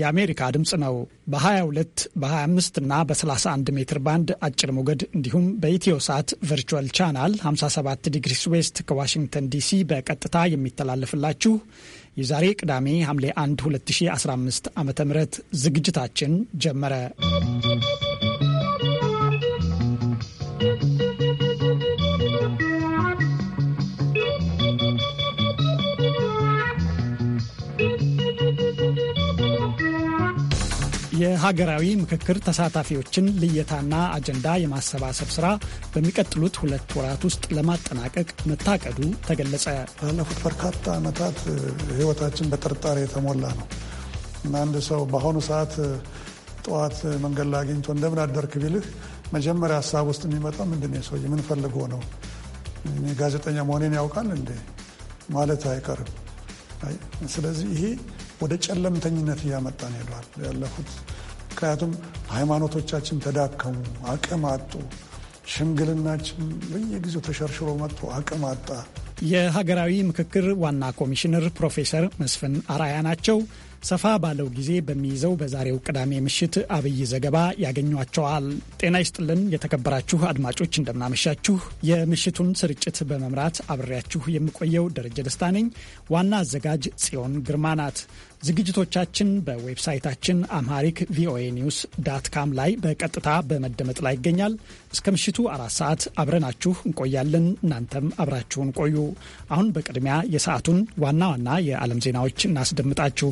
የአሜሪካ ድምፅ ነው። በ22 በ25 እና በ31 ሜትር ባንድ አጭር ሞገድ እንዲሁም በኢትዮ ሳት ቨርቹዋል ቻናል 57 ዲግሪስ ዌስት ከዋሽንግተን ዲሲ በቀጥታ የሚተላለፍላችሁ የዛሬ ቅዳሜ ሐምሌ 1 2015 ዓ ም ዝግጅታችን ጀመረ። የሀገራዊ ምክክር ተሳታፊዎችን ልየታና አጀንዳ የማሰባሰብ ስራ በሚቀጥሉት ሁለት ወራት ውስጥ ለማጠናቀቅ መታቀዱ ተገለጸ። ባለፉት በርካታ ዓመታት ህይወታችን በጥርጣሬ የተሞላ ነው እና አንድ ሰው በአሁኑ ሰዓት ጠዋት መንገድ ላይ አግኝቶ እንደምን አደርክ ቢልህ መጀመሪያ ሀሳብ ውስጥ የሚመጣው ምንድን ነው? ሰው ምን ፈልጎ ነው? ጋዜጠኛ መሆኔን ያውቃል እንዴ ማለት አይቀርም። ስለዚህ ይሄ ወደ ጨለምተኝነት እያመጣን ሄዷል ያለፉት። ምክንያቱም ሃይማኖቶቻችን ተዳከሙ፣ አቅም አጡ። ሽምግልናችን በየጊዜው ተሸርሽሮ መጥቶ አቅም አጣ። የሀገራዊ ምክክር ዋና ኮሚሽነር ፕሮፌሰር መስፍን አራያ ናቸው። ሰፋ ባለው ጊዜ በሚይዘው በዛሬው ቅዳሜ ምሽት አብይ ዘገባ ያገኟቸዋል። ጤና ይስጥልን የተከበራችሁ አድማጮች እንደምናመሻችሁ። የምሽቱን ስርጭት በመምራት አብሬያችሁ የምቆየው ደረጀ ደስታ ነኝ። ዋና አዘጋጅ ጽዮን ግርማ ናት። ዝግጅቶቻችን በዌብሳይታችን አምሃሪክ ቪኦኤ ኒውስ ዳት ካም ላይ በቀጥታ በመደመጥ ላይ ይገኛል። እስከ ምሽቱ አራት ሰዓት አብረናችሁ እንቆያለን። እናንተም አብራችሁን ቆዩ። አሁን በቅድሚያ የሰዓቱን ዋና ዋና የዓለም ዜናዎች እናስደምጣችሁ።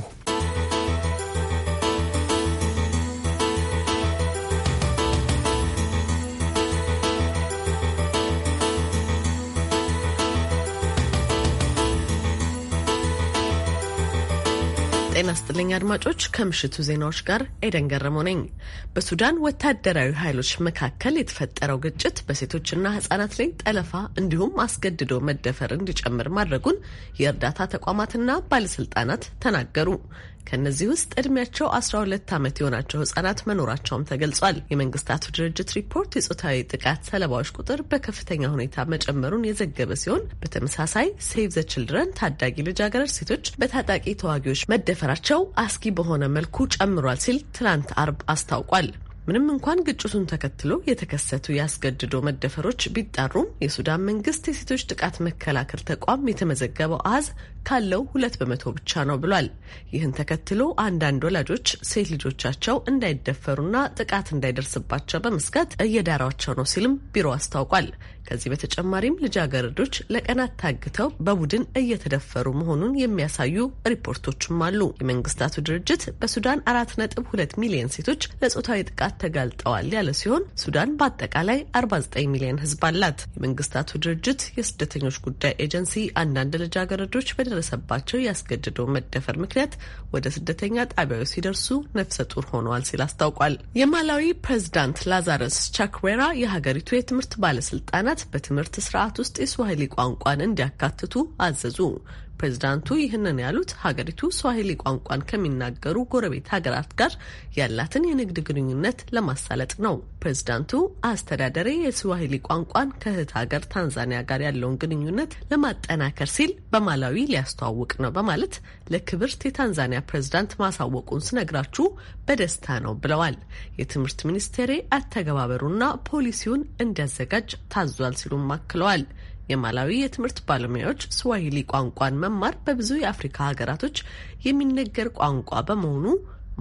ይስጥልኝ አድማጮች፣ ከምሽቱ ዜናዎች ጋር ኤደን ገረመው ነኝ። በሱዳን ወታደራዊ ኃይሎች መካከል የተፈጠረው ግጭት በሴቶችና ህጻናት ላይ ጠለፋ እንዲሁም አስገድዶ መደፈር እንዲጨምር ማድረጉን የእርዳታ ተቋማትና ባለስልጣናት ተናገሩ። ከእነዚህ ውስጥ እድሜያቸው 12 ዓመት የሆናቸው ህጻናት መኖራቸውም ተገልጿል። የመንግስታቱ ድርጅት ሪፖርት የጾታዊ ጥቃት ሰለባዎች ቁጥር በከፍተኛ ሁኔታ መጨመሩን የዘገበ ሲሆን በተመሳሳይ ሴቭ ዘ ችልድረን ታዳጊ ልጃገረድ ሴቶች በታጣቂ ተዋጊዎች መደፈራቸው አስጊ በሆነ መልኩ ጨምሯል ሲል ትናንት አርብ አስታውቋል። ምንም እንኳን ግጭቱን ተከትሎ የተከሰቱ ያስገድዶ መደፈሮች ቢጣሩም የሱዳን መንግስት የሴቶች ጥቃት መከላከል ተቋም የተመዘገበው አሃዝ ካለው ሁለት በመቶ ብቻ ነው ብሏል። ይህን ተከትሎ አንዳንድ ወላጆች ሴት ልጆቻቸው እንዳይደፈሩና ጥቃት እንዳይደርስባቸው በመስጋት እየዳራቸው ነው ሲልም ቢሮ አስታውቋል። ከዚህ በተጨማሪም ልጃገረዶች ለቀናት ታግተው በቡድን እየተደፈሩ መሆኑን የሚያሳዩ ሪፖርቶችም አሉ። የመንግስታቱ ድርጅት በሱዳን አራት ነጥብ ሁለት ሚሊዮን ሴቶች ለጾታዊ ጥቃት ተጋልጠዋል ያለ ሲሆን ሱዳን በአጠቃላይ 49 ሚሊዮን ህዝብ አላት። የመንግስታቱ ድርጅት የስደተኞች ጉዳይ ኤጀንሲ አንዳንድ ልጃገረዶች በደረሰባቸው ያስገድደው መደፈር ምክንያት ወደ ስደተኛ ጣቢያዊ ሲደርሱ ነፍሰ ጡር ሆነዋል ሲል አስታውቋል። የማላዊ ፕሬዚዳንት ላዛረስ ቻክዌራ የሀገሪቱ የትምህርት ባለስልጣናት ሀገራት በትምህርት ስርዓት ውስጥ የስዋሂሊ ቋንቋን እንዲያካትቱ አዘዙ። ፕሬዚዳንቱ ይህንን ያሉት ሀገሪቱ ስዋሂሊ ቋንቋን ከሚናገሩ ጎረቤት ሀገራት ጋር ያላትን የንግድ ግንኙነት ለማሳለጥ ነው። ፕሬዚዳንቱ አስተዳደሬ የስዋሂሊ ቋንቋን ከእህት ሀገር ታንዛኒያ ጋር ያለውን ግንኙነት ለማጠናከር ሲል በማላዊ ሊያስተዋውቅ ነው በማለት ለክብርት የታንዛኒያ ፕሬዚዳንት ማሳወቁን ስነግራችሁ በደስታ ነው ብለዋል። የትምህርት ሚኒስቴሬ አተገባበሩና ፖሊሲውን እንዲያዘጋጅ ታዟል ሲሉም አክለዋል። የማላዊ የትምህርት ባለሙያዎች ስዋሂሊ ቋንቋን መማር በብዙ የአፍሪካ ሀገራቶች የሚነገር ቋንቋ በመሆኑ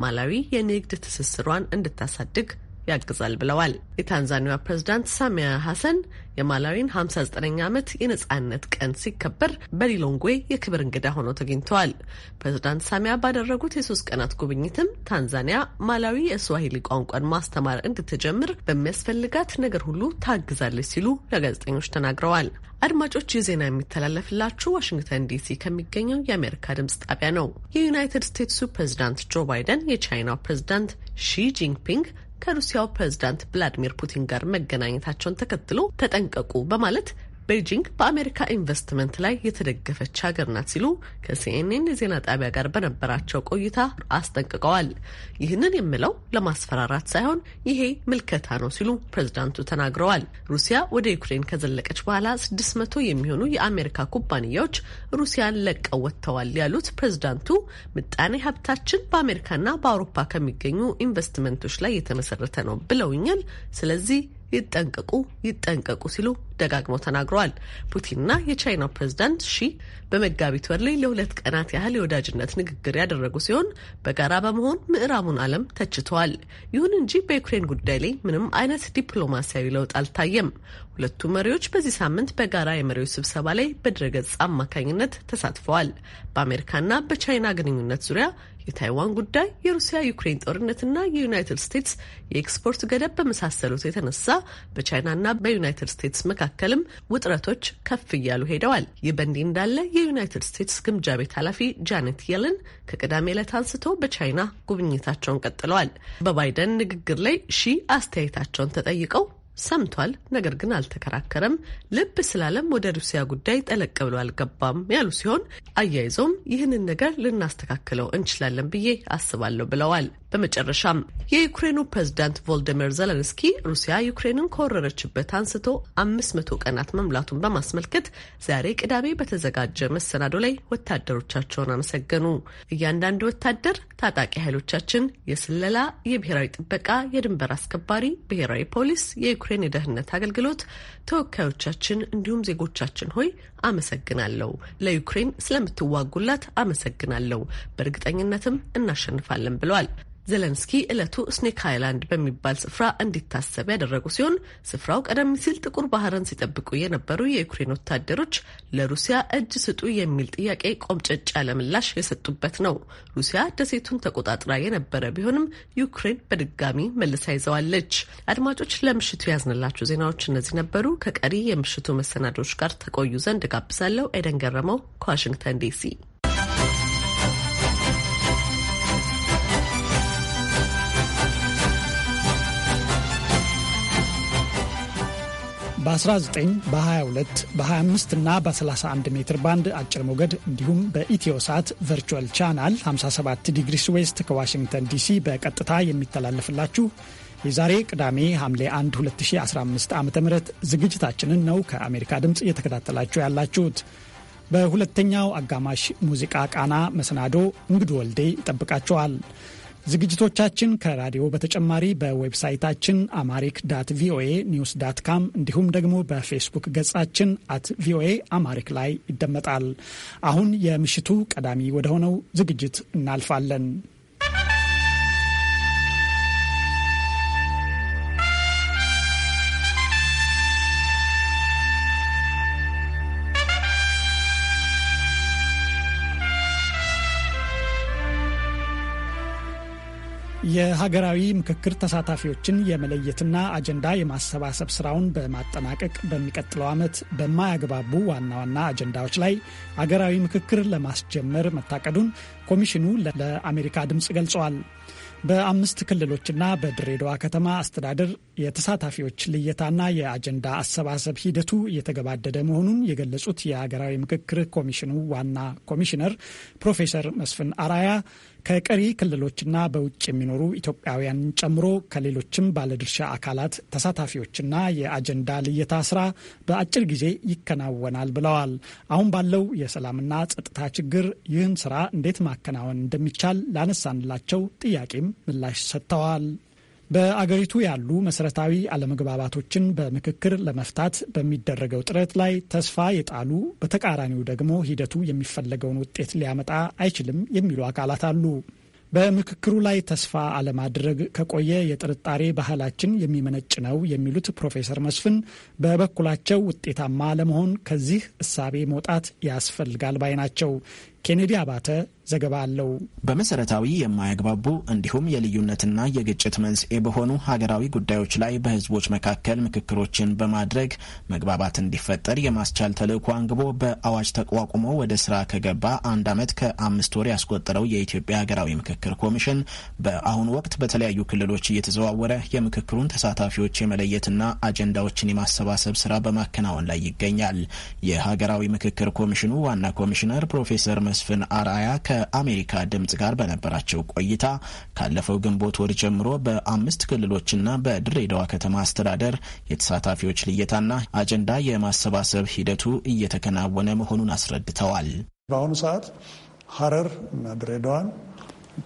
ማላዊ የንግድ ትስስሯን እንድታሳድግ ያግዛል ብለዋል። የታንዛኒያ ፕሬዝዳንት ሳሚያ ሐሰን የማላዊን 59ኛ ዓመት የነጻነት ቀን ሲከበር በሊሎንግዌ የክብር እንግዳ ሆነው ተገኝተዋል። ፕሬዚዳንት ሳሚያ ባደረጉት የሶስት ቀናት ጉብኝትም ታንዛኒያ ማላዊ የስዋሂሊ ቋንቋን ማስተማር እንድትጀምር በሚያስፈልጋት ነገር ሁሉ ታግዛለች ሲሉ ለጋዜጠኞች ተናግረዋል። አድማጮች ይህ ዜና የሚተላለፍላችሁ ዋሽንግተን ዲሲ ከሚገኘው የአሜሪካ ድምጽ ጣቢያ ነው። የዩናይትድ ስቴትሱ ፕሬዝዳንት ጆ ባይደን የቻይናው ፕሬዝዳንት ሺ ጂንፒንግ ከሩሲያው ፕሬዝዳንት ቭላዲሚር ፑቲን ጋር መገናኘታቸውን ተከትሎ ተጠንቀቁ በማለት ቤጂንግ በአሜሪካ ኢንቨስትመንት ላይ የተደገፈች ሀገር ናት ሲሉ ከሲኤንኤን የዜና ጣቢያ ጋር በነበራቸው ቆይታ አስጠንቅቀዋል። ይህንን የምለው ለማስፈራራት ሳይሆን ይሄ ምልከታ ነው ሲሉ ፕሬዝዳንቱ ተናግረዋል። ሩሲያ ወደ ዩክሬን ከዘለቀች በኋላ ስድስት መቶ የሚሆኑ የአሜሪካ ኩባንያዎች ሩሲያን ለቀው ወጥተዋል ያሉት ፕሬዝዳንቱ ምጣኔ ሀብታችን በአሜሪካና በአውሮፓ ከሚገኙ ኢንቨስትመንቶች ላይ የተመሰረተ ነው ብለውኛል። ስለዚህ ይጠንቀቁ ይጠንቀቁ ሲሉ ደጋግመው ተናግረዋል። ፑቲንና የቻይናው ፕሬዝዳንት ሺ በመጋቢት ወር ላይ ለሁለት ቀናት ያህል የወዳጅነት ንግግር ያደረጉ ሲሆን በጋራ በመሆን ምዕራቡን ዓለም ተችተዋል። ይሁን እንጂ በዩክሬን ጉዳይ ላይ ምንም አይነት ዲፕሎማሲያዊ ለውጥ አልታየም። ሁለቱ መሪዎች በዚህ ሳምንት በጋራ የመሪዎች ስብሰባ ላይ በድረገጽ አማካኝነት ተሳትፈዋል። በአሜሪካና በቻይና ግንኙነት ዙሪያ የታይዋን ጉዳይ፣ የሩሲያ ዩክሬን ጦርነትና የዩናይትድ ስቴትስ የኤክስፖርት ገደብ በመሳሰሉት የተነሳ በቻይናና በዩናይትድ ስቴትስ መካከልም ውጥረቶች ከፍ እያሉ ሄደዋል። ይህ በእንዲህ እንዳለ የዩናይትድ ስቴትስ ግምጃ ቤት ኃላፊ ጃኔት የለን ከቅዳሜ ዕለት አንስቶ በቻይና ጉብኝታቸውን ቀጥለዋል። በባይደን ንግግር ላይ ሺ አስተያየታቸውን ተጠይቀው ሰምቷል፣ ነገር ግን አልተከራከረም፣ ልብ ስላለም ወደ ሩሲያ ጉዳይ ጠለቅ ብሎ አልገባም ያሉ ሲሆን አያይዘውም ይህንን ነገር ልናስተካክለው እንችላለን ብዬ አስባለሁ ብለዋል። በመጨረሻም የዩክሬኑ ፕሬዝዳንት ቮልዲሚር ዘለንስኪ ሩሲያ ዩክሬንን ከወረረችበት አንስቶ አምስት መቶ ቀናት መምላቱን በማስመልከት ዛሬ ቅዳሜ በተዘጋጀ መሰናዶ ላይ ወታደሮቻቸውን አመሰገኑ። እያንዳንዱ ወታደር ታጣቂ ኃይሎቻችን የስለላ፣ የብሔራዊ ጥበቃ፣ የድንበር አስከባሪ፣ ብሔራዊ ፖሊስ፣ የዩክሬን የደህንነት አገልግሎት ተወካዮቻችን፣ እንዲሁም ዜጎቻችን ሆይ አመሰግናለሁ። ለዩክሬን ስለምትዋጉላት አመሰግናለሁ። በእርግጠኝነትም እናሸንፋለን ብለዋል። ዘለንስኪ ዕለቱ ስኔክ ሃይላንድ በሚባል ስፍራ እንዲታሰብ ያደረጉ ሲሆን ስፍራው ቀደም ሲል ጥቁር ባህርን ሲጠብቁ የነበሩ የዩክሬን ወታደሮች ለሩሲያ እጅ ስጡ የሚል ጥያቄ ቆምጨጭ ያለ ምላሽ የሰጡበት ነው። ሩሲያ ደሴቱን ተቆጣጥራ የነበረ ቢሆንም ዩክሬን በድጋሚ መልሳ ይዘዋለች። አድማጮች፣ ለምሽቱ ያዝንላችሁ ዜናዎች እነዚህ ነበሩ። ከቀሪ የምሽቱ መሰናዶች ጋር ተቆዩ ዘንድ ጋብዛለሁ። ኤደን ገረመው ከዋሽንግተን ዲሲ በ19 በ22 በ25 እና በ31 ሜትር ባንድ አጭር ሞገድ እንዲሁም በኢትዮ ሳት ቨርቹዋል ቻናል 57 ዲግሪስ ዌስት ከዋሽንግተን ዲሲ በቀጥታ የሚተላለፍላችሁ የዛሬ ቅዳሜ ሐምሌ 1 2015 ዓ ም ዝግጅታችንን ነው ከአሜሪካ ድምፅ እየተከታተላችሁ ያላችሁት። በሁለተኛው አጋማሽ ሙዚቃ ቃና መሰናዶ እንግዱ ወልዴ ይጠብቃችኋል። ዝግጅቶቻችን ከራዲዮ በተጨማሪ በዌብሳይታችን አማሪክ ዳት ቪኦኤ ኒውስ ዳት ካም እንዲሁም ደግሞ በፌስቡክ ገጻችን አት ቪኦኤ አማሪክ ላይ ይደመጣል። አሁን የምሽቱ ቀዳሚ ወደሆነው ዝግጅት እናልፋለን። የሀገራዊ ምክክር ተሳታፊዎችን የመለየትና አጀንዳ የማሰባሰብ ስራውን በማጠናቀቅ በሚቀጥለው ዓመት በማያግባቡ ዋና ዋና አጀንዳዎች ላይ አገራዊ ምክክር ለማስጀመር መታቀዱን ኮሚሽኑ ለአሜሪካ ድምፅ ገልጸዋል። በአምስት ክልሎችና በድሬዳዋ ከተማ አስተዳደር የተሳታፊዎች ልየታና የአጀንዳ አሰባሰብ ሂደቱ እየተገባደደ መሆኑን የገለጹት የሀገራዊ ምክክር ኮሚሽኑ ዋና ኮሚሽነር ፕሮፌሰር መስፍን አራያ ከቀሪ ክልሎችና በውጭ የሚኖሩ ኢትዮጵያውያንን ጨምሮ ከሌሎችም ባለድርሻ አካላት ተሳታፊዎችና የአጀንዳ ልየታ ስራ በአጭር ጊዜ ይከናወናል ብለዋል። አሁን ባለው የሰላምና ጸጥታ ችግር ይህን ስራ እንዴት ማከናወን እንደሚቻል ላነሳንላቸው ጥያቄም ምላሽ ሰጥተዋል። በአገሪቱ ያሉ መሰረታዊ አለመግባባቶችን በምክክር ለመፍታት በሚደረገው ጥረት ላይ ተስፋ የጣሉ በተቃራኒው ደግሞ ሂደቱ የሚፈለገውን ውጤት ሊያመጣ አይችልም የሚሉ አካላት አሉ። በምክክሩ ላይ ተስፋ አለማድረግ ከቆየ የጥርጣሬ ባህላችን የሚመነጭ ነው የሚሉት ፕሮፌሰር መስፍን በበኩላቸው ውጤታማ ለመሆን ከዚህ እሳቤ መውጣት ያስፈልጋል ባይ ናቸው። ኬኔዲ አባተ ዘገባ አለው። በመሰረታዊ የማያግባቡ እንዲሁም የልዩነትና የግጭት መንስኤ በሆኑ ሀገራዊ ጉዳዮች ላይ በህዝቦች መካከል ምክክሮችን በማድረግ መግባባት እንዲፈጠር የማስቻል ተልዕኮ አንግቦ በአዋጅ ተቋቁሞ ወደ ስራ ከገባ አንድ ዓመት ከአምስት ወር ያስቆጠረው የኢትዮጵያ ሀገራዊ ምክክር ኮሚሽን በአሁኑ ወቅት በተለያዩ ክልሎች እየተዘዋወረ የምክክሩን ተሳታፊዎች የመለየትና አጀንዳዎችን የማሰባሰብ ስራ በማከናወን ላይ ይገኛል። የሀገራዊ ምክክር ኮሚሽኑ ዋና ኮሚሽነር ፕሮፌሰር መስፍን አርአያ ከአሜሪካ ድምፅ ጋር በነበራቸው ቆይታ ካለፈው ግንቦት ወር ጀምሮ በአምስት ክልሎችና በድሬዳዋ ከተማ አስተዳደር የተሳታፊዎች ልየታና አጀንዳ የማሰባሰብ ሂደቱ እየተከናወነ መሆኑን አስረድተዋል። በአሁኑ ሰዓት ሀረር እና ድሬዳዋን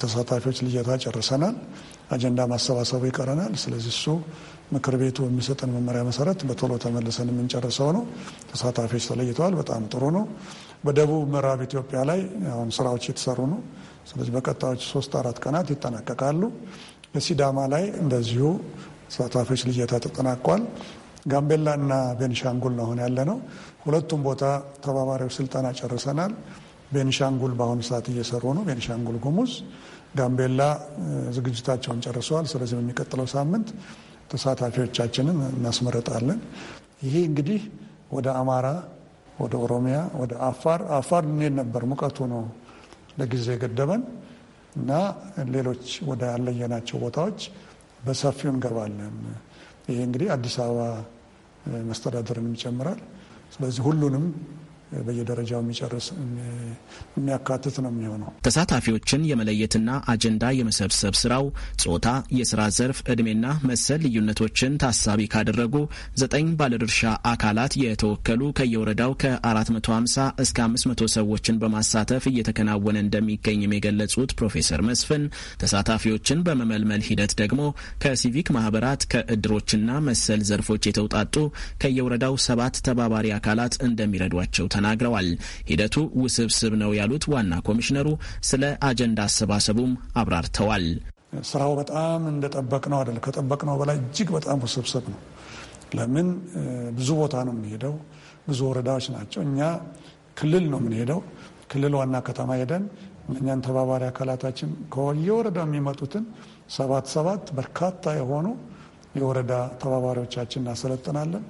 ተሳታፊዎች ልየታ ጨርሰናል። አጀንዳ ማሰባሰቡ ይቀረናል። ስለዚህ እሱ ምክር ቤቱ የሚሰጠን መመሪያ መሰረት በቶሎ ተመልሰን የምንጨርሰው ነው። ተሳታፊዎች ተለይተዋል። በጣም ጥሩ ነው። በደቡብ ምዕራብ ኢትዮጵያ ላይ አሁን ስራዎች የተሰሩ ነው። ስለዚህ በቀጣዮች ሶስት አራት ቀናት ይጠናቀቃሉ። በሲዳማ ላይ እንደዚሁ ተሳታፊዎች ልየታ ተጠናቋል። ጋምቤላና ቤንሻንጉል ነው አሁን ያለ ነው። ሁለቱም ቦታ ተባባሪዎች ስልጠና ጨርሰናል። ቤንሻንጉል በአሁኑ ሰዓት እየሰሩ ነው። ቤንሻንጉል ጉሙዝ፣ ጋምቤላ ዝግጅታቸውን ጨርሰዋል። ስለዚህ በሚቀጥለው ሳምንት ተሳታፊዎቻችንን እናስመረጣለን። ይሄ እንግዲህ ወደ አማራ ወደ ኦሮሚያ፣ ወደ አፋር አፋር ልንሄድ ነበር። ሙቀቱ ነው ለጊዜ ገደበን እና ሌሎች ወደ ያለየናቸው ቦታዎች በሰፊው እንገባለን። ይሄ እንግዲህ አዲስ አበባ መስተዳደርንም ይጨምራል። ስለዚህ ሁሉንም በየደረጃው የሚጨርስ የሚያካትት ነው የሚሆነው። ተሳታፊዎችን የመለየትና አጀንዳ የመሰብሰብ ስራው ጾታ፣ የስራ ዘርፍ፣ እድሜና መሰል ልዩነቶችን ታሳቢ ካደረጉ ዘጠኝ ባለድርሻ አካላት የተወከሉ ከየወረዳው ከ450 እስከ 500 ሰዎችን በማሳተፍ እየተከናወነ እንደሚገኝም የገለጹት ፕሮፌሰር መስፍን ተሳታፊዎችን በመመልመል ሂደት ደግሞ ከሲቪክ ማህበራት ከእድሮችና መሰል ዘርፎች የተውጣጡ ከየወረዳው ሰባት ተባባሪ አካላት እንደሚረዷቸው ተናግረዋል። ሂደቱ ውስብስብ ነው ያሉት ዋና ኮሚሽነሩ ስለ አጀንዳ አሰባሰቡም አብራርተዋል። ስራው በጣም እንደጠበቅነው አይደለም። ከጠበቅነው በላይ እጅግ በጣም ውስብስብ ነው። ለምን ብዙ ቦታ ነው የምንሄደው፣ ብዙ ወረዳዎች ናቸው። እኛ ክልል ነው የምንሄደው። ክልል ዋና ከተማ ሄደን እኛን ተባባሪ አካላታችን ከየወረዳው የሚመጡትን ሰባት ሰባት በርካታ የሆኑ የወረዳ ተባባሪዎቻችን እናሰለጥናለን።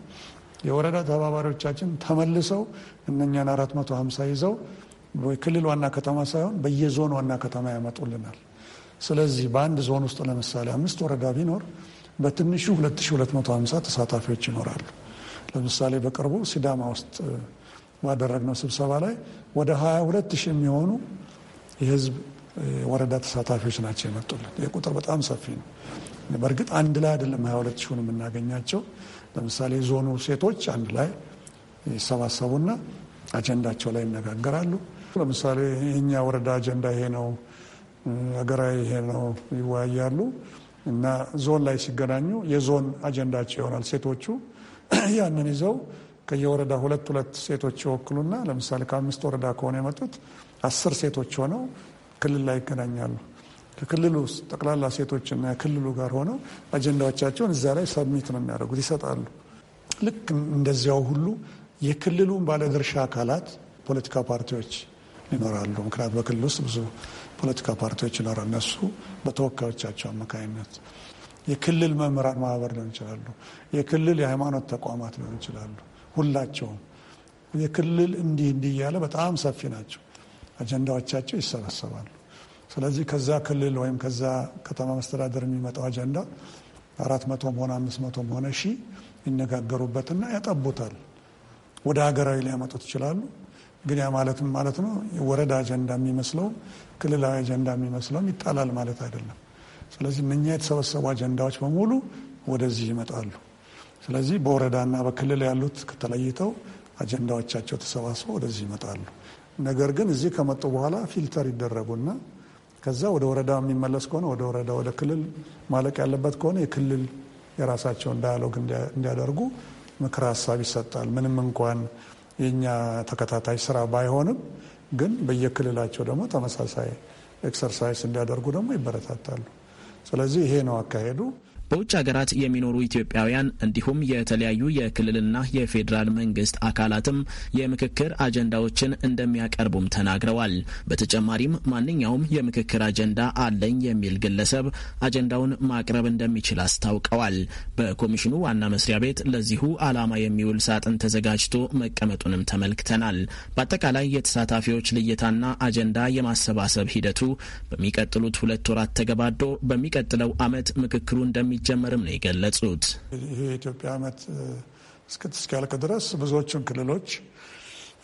የወረዳ ተባባሪዎቻችን ተመልሰው እነኛን 450 ይዘው ክልል ዋና ከተማ ሳይሆን በየዞን ዋና ከተማ ያመጡልናል። ስለዚህ በአንድ ዞን ውስጥ ለምሳሌ አምስት ወረዳ ቢኖር በትንሹ 2250 ተሳታፊዎች ይኖራሉ። ለምሳሌ በቅርቡ ሲዳማ ውስጥ ባደረግነው ስብሰባ ላይ ወደ 22 የሚሆኑ የህዝብ ወረዳ ተሳታፊዎች ናቸው የመጡልን። የቁጥር በጣም ሰፊ ነው። በእርግጥ አንድ ላይ አይደለም 22 ሺሁን የምናገኛቸው ለምሳሌ ዞኑ ሴቶች አንድ ላይ ይሰባሰቡና አጀንዳቸው ላይ ይነጋገራሉ። ለምሳሌ የኛ ወረዳ አጀንዳ ይሄ ነው፣ ሀገራዊ ይሄ ነው ይወያያሉ። እና ዞን ላይ ሲገናኙ የዞን አጀንዳቸው ይሆናል። ሴቶቹ ያንን ይዘው ከየወረዳ ሁለት ሁለት ሴቶች ይወክሉና ለምሳሌ ከአምስት ወረዳ ከሆነ የመጡት አስር ሴቶች ሆነው ክልል ላይ ይገናኛሉ። ከክልሉ ውስጥ ጠቅላላ ሴቶችና የክልሉ ጋር ሆነው አጀንዳዎቻቸውን እዛ ላይ ሰብሚት ነው የሚያደርጉት፣ ይሰጣሉ። ልክ እንደዚያው ሁሉ የክልሉን ባለድርሻ አካላት ፖለቲካ ፓርቲዎች ይኖራሉ። ምክንያቱም በክልል ውስጥ ብዙ ፖለቲካ ፓርቲዎች ይኖራሉ። እነሱ በተወካዮቻቸው አማካኝነት የክልል መምህራን ማህበር ሊሆን ይችላሉ። የክልል የሃይማኖት ተቋማት ሊሆን ይችላሉ። ሁላቸውም የክልል እንዲህ እንዲህ እያለ በጣም ሰፊ ናቸው። አጀንዳዎቻቸው ይሰበሰባሉ። ስለዚህ ከዛ ክልል ወይም ከዛ ከተማ መስተዳደር የሚመጣው አጀንዳ አራት መቶም ሆነ አምስት መቶም ሆነ ሺ ይነጋገሩበትና ያጠቡታል። ወደ ሀገራዊ ሊያመጡት ይችላሉ። ግን ያ ማለትም ማለት ነው የወረዳ አጀንዳ የሚመስለው ክልላዊ አጀንዳ የሚመስለውም ይጣላል ማለት አይደለም። ስለዚህ እኛ የተሰበሰቡ አጀንዳዎች በሙሉ ወደዚህ ይመጣሉ። ስለዚህ በወረዳና በክልል ያሉት ከተለይተው አጀንዳዎቻቸው ተሰባስበው ወደዚህ ይመጣሉ። ነገር ግን እዚህ ከመጡ በኋላ ፊልተር ይደረጉና ከዛ ወደ ወረዳ የሚመለስ ከሆነ ወደ ወረዳ፣ ወደ ክልል ማለቅ ያለበት ከሆነ የክልል የራሳቸውን ዳያሎግ እንዲያደርጉ ምክር ሀሳብ ይሰጣል። ምንም እንኳን የእኛ ተከታታይ ስራ ባይሆንም ግን በየክልላቸው ደግሞ ተመሳሳይ ኤክሰርሳይዝ እንዲያደርጉ ደግሞ ይበረታታሉ። ስለዚህ ይሄ ነው አካሄዱ። በውጭ ሀገራት የሚኖሩ ኢትዮጵያውያን እንዲሁም የተለያዩ የክልልና የፌዴራል መንግስት አካላትም የምክክር አጀንዳዎችን እንደሚያቀርቡም ተናግረዋል። በተጨማሪም ማንኛውም የምክክር አጀንዳ አለኝ የሚል ግለሰብ አጀንዳውን ማቅረብ እንደሚችል አስታውቀዋል። በኮሚሽኑ ዋና መስሪያ ቤት ለዚሁ ዓላማ የሚውል ሳጥን ተዘጋጅቶ መቀመጡንም ተመልክተናል። በአጠቃላይ የተሳታፊዎች ልየታና አጀንዳ የማሰባሰብ ሂደቱ በሚቀጥሉት ሁለት ወራት ተገባዶ በሚቀጥለው ዓመት ምክክሩ እንደሚ እንደሚጀመርም ነው የገለጹት። ይህ የኢትዮጵያ ዓመት እስኪያልቅ ድረስ ብዙዎቹን ክልሎች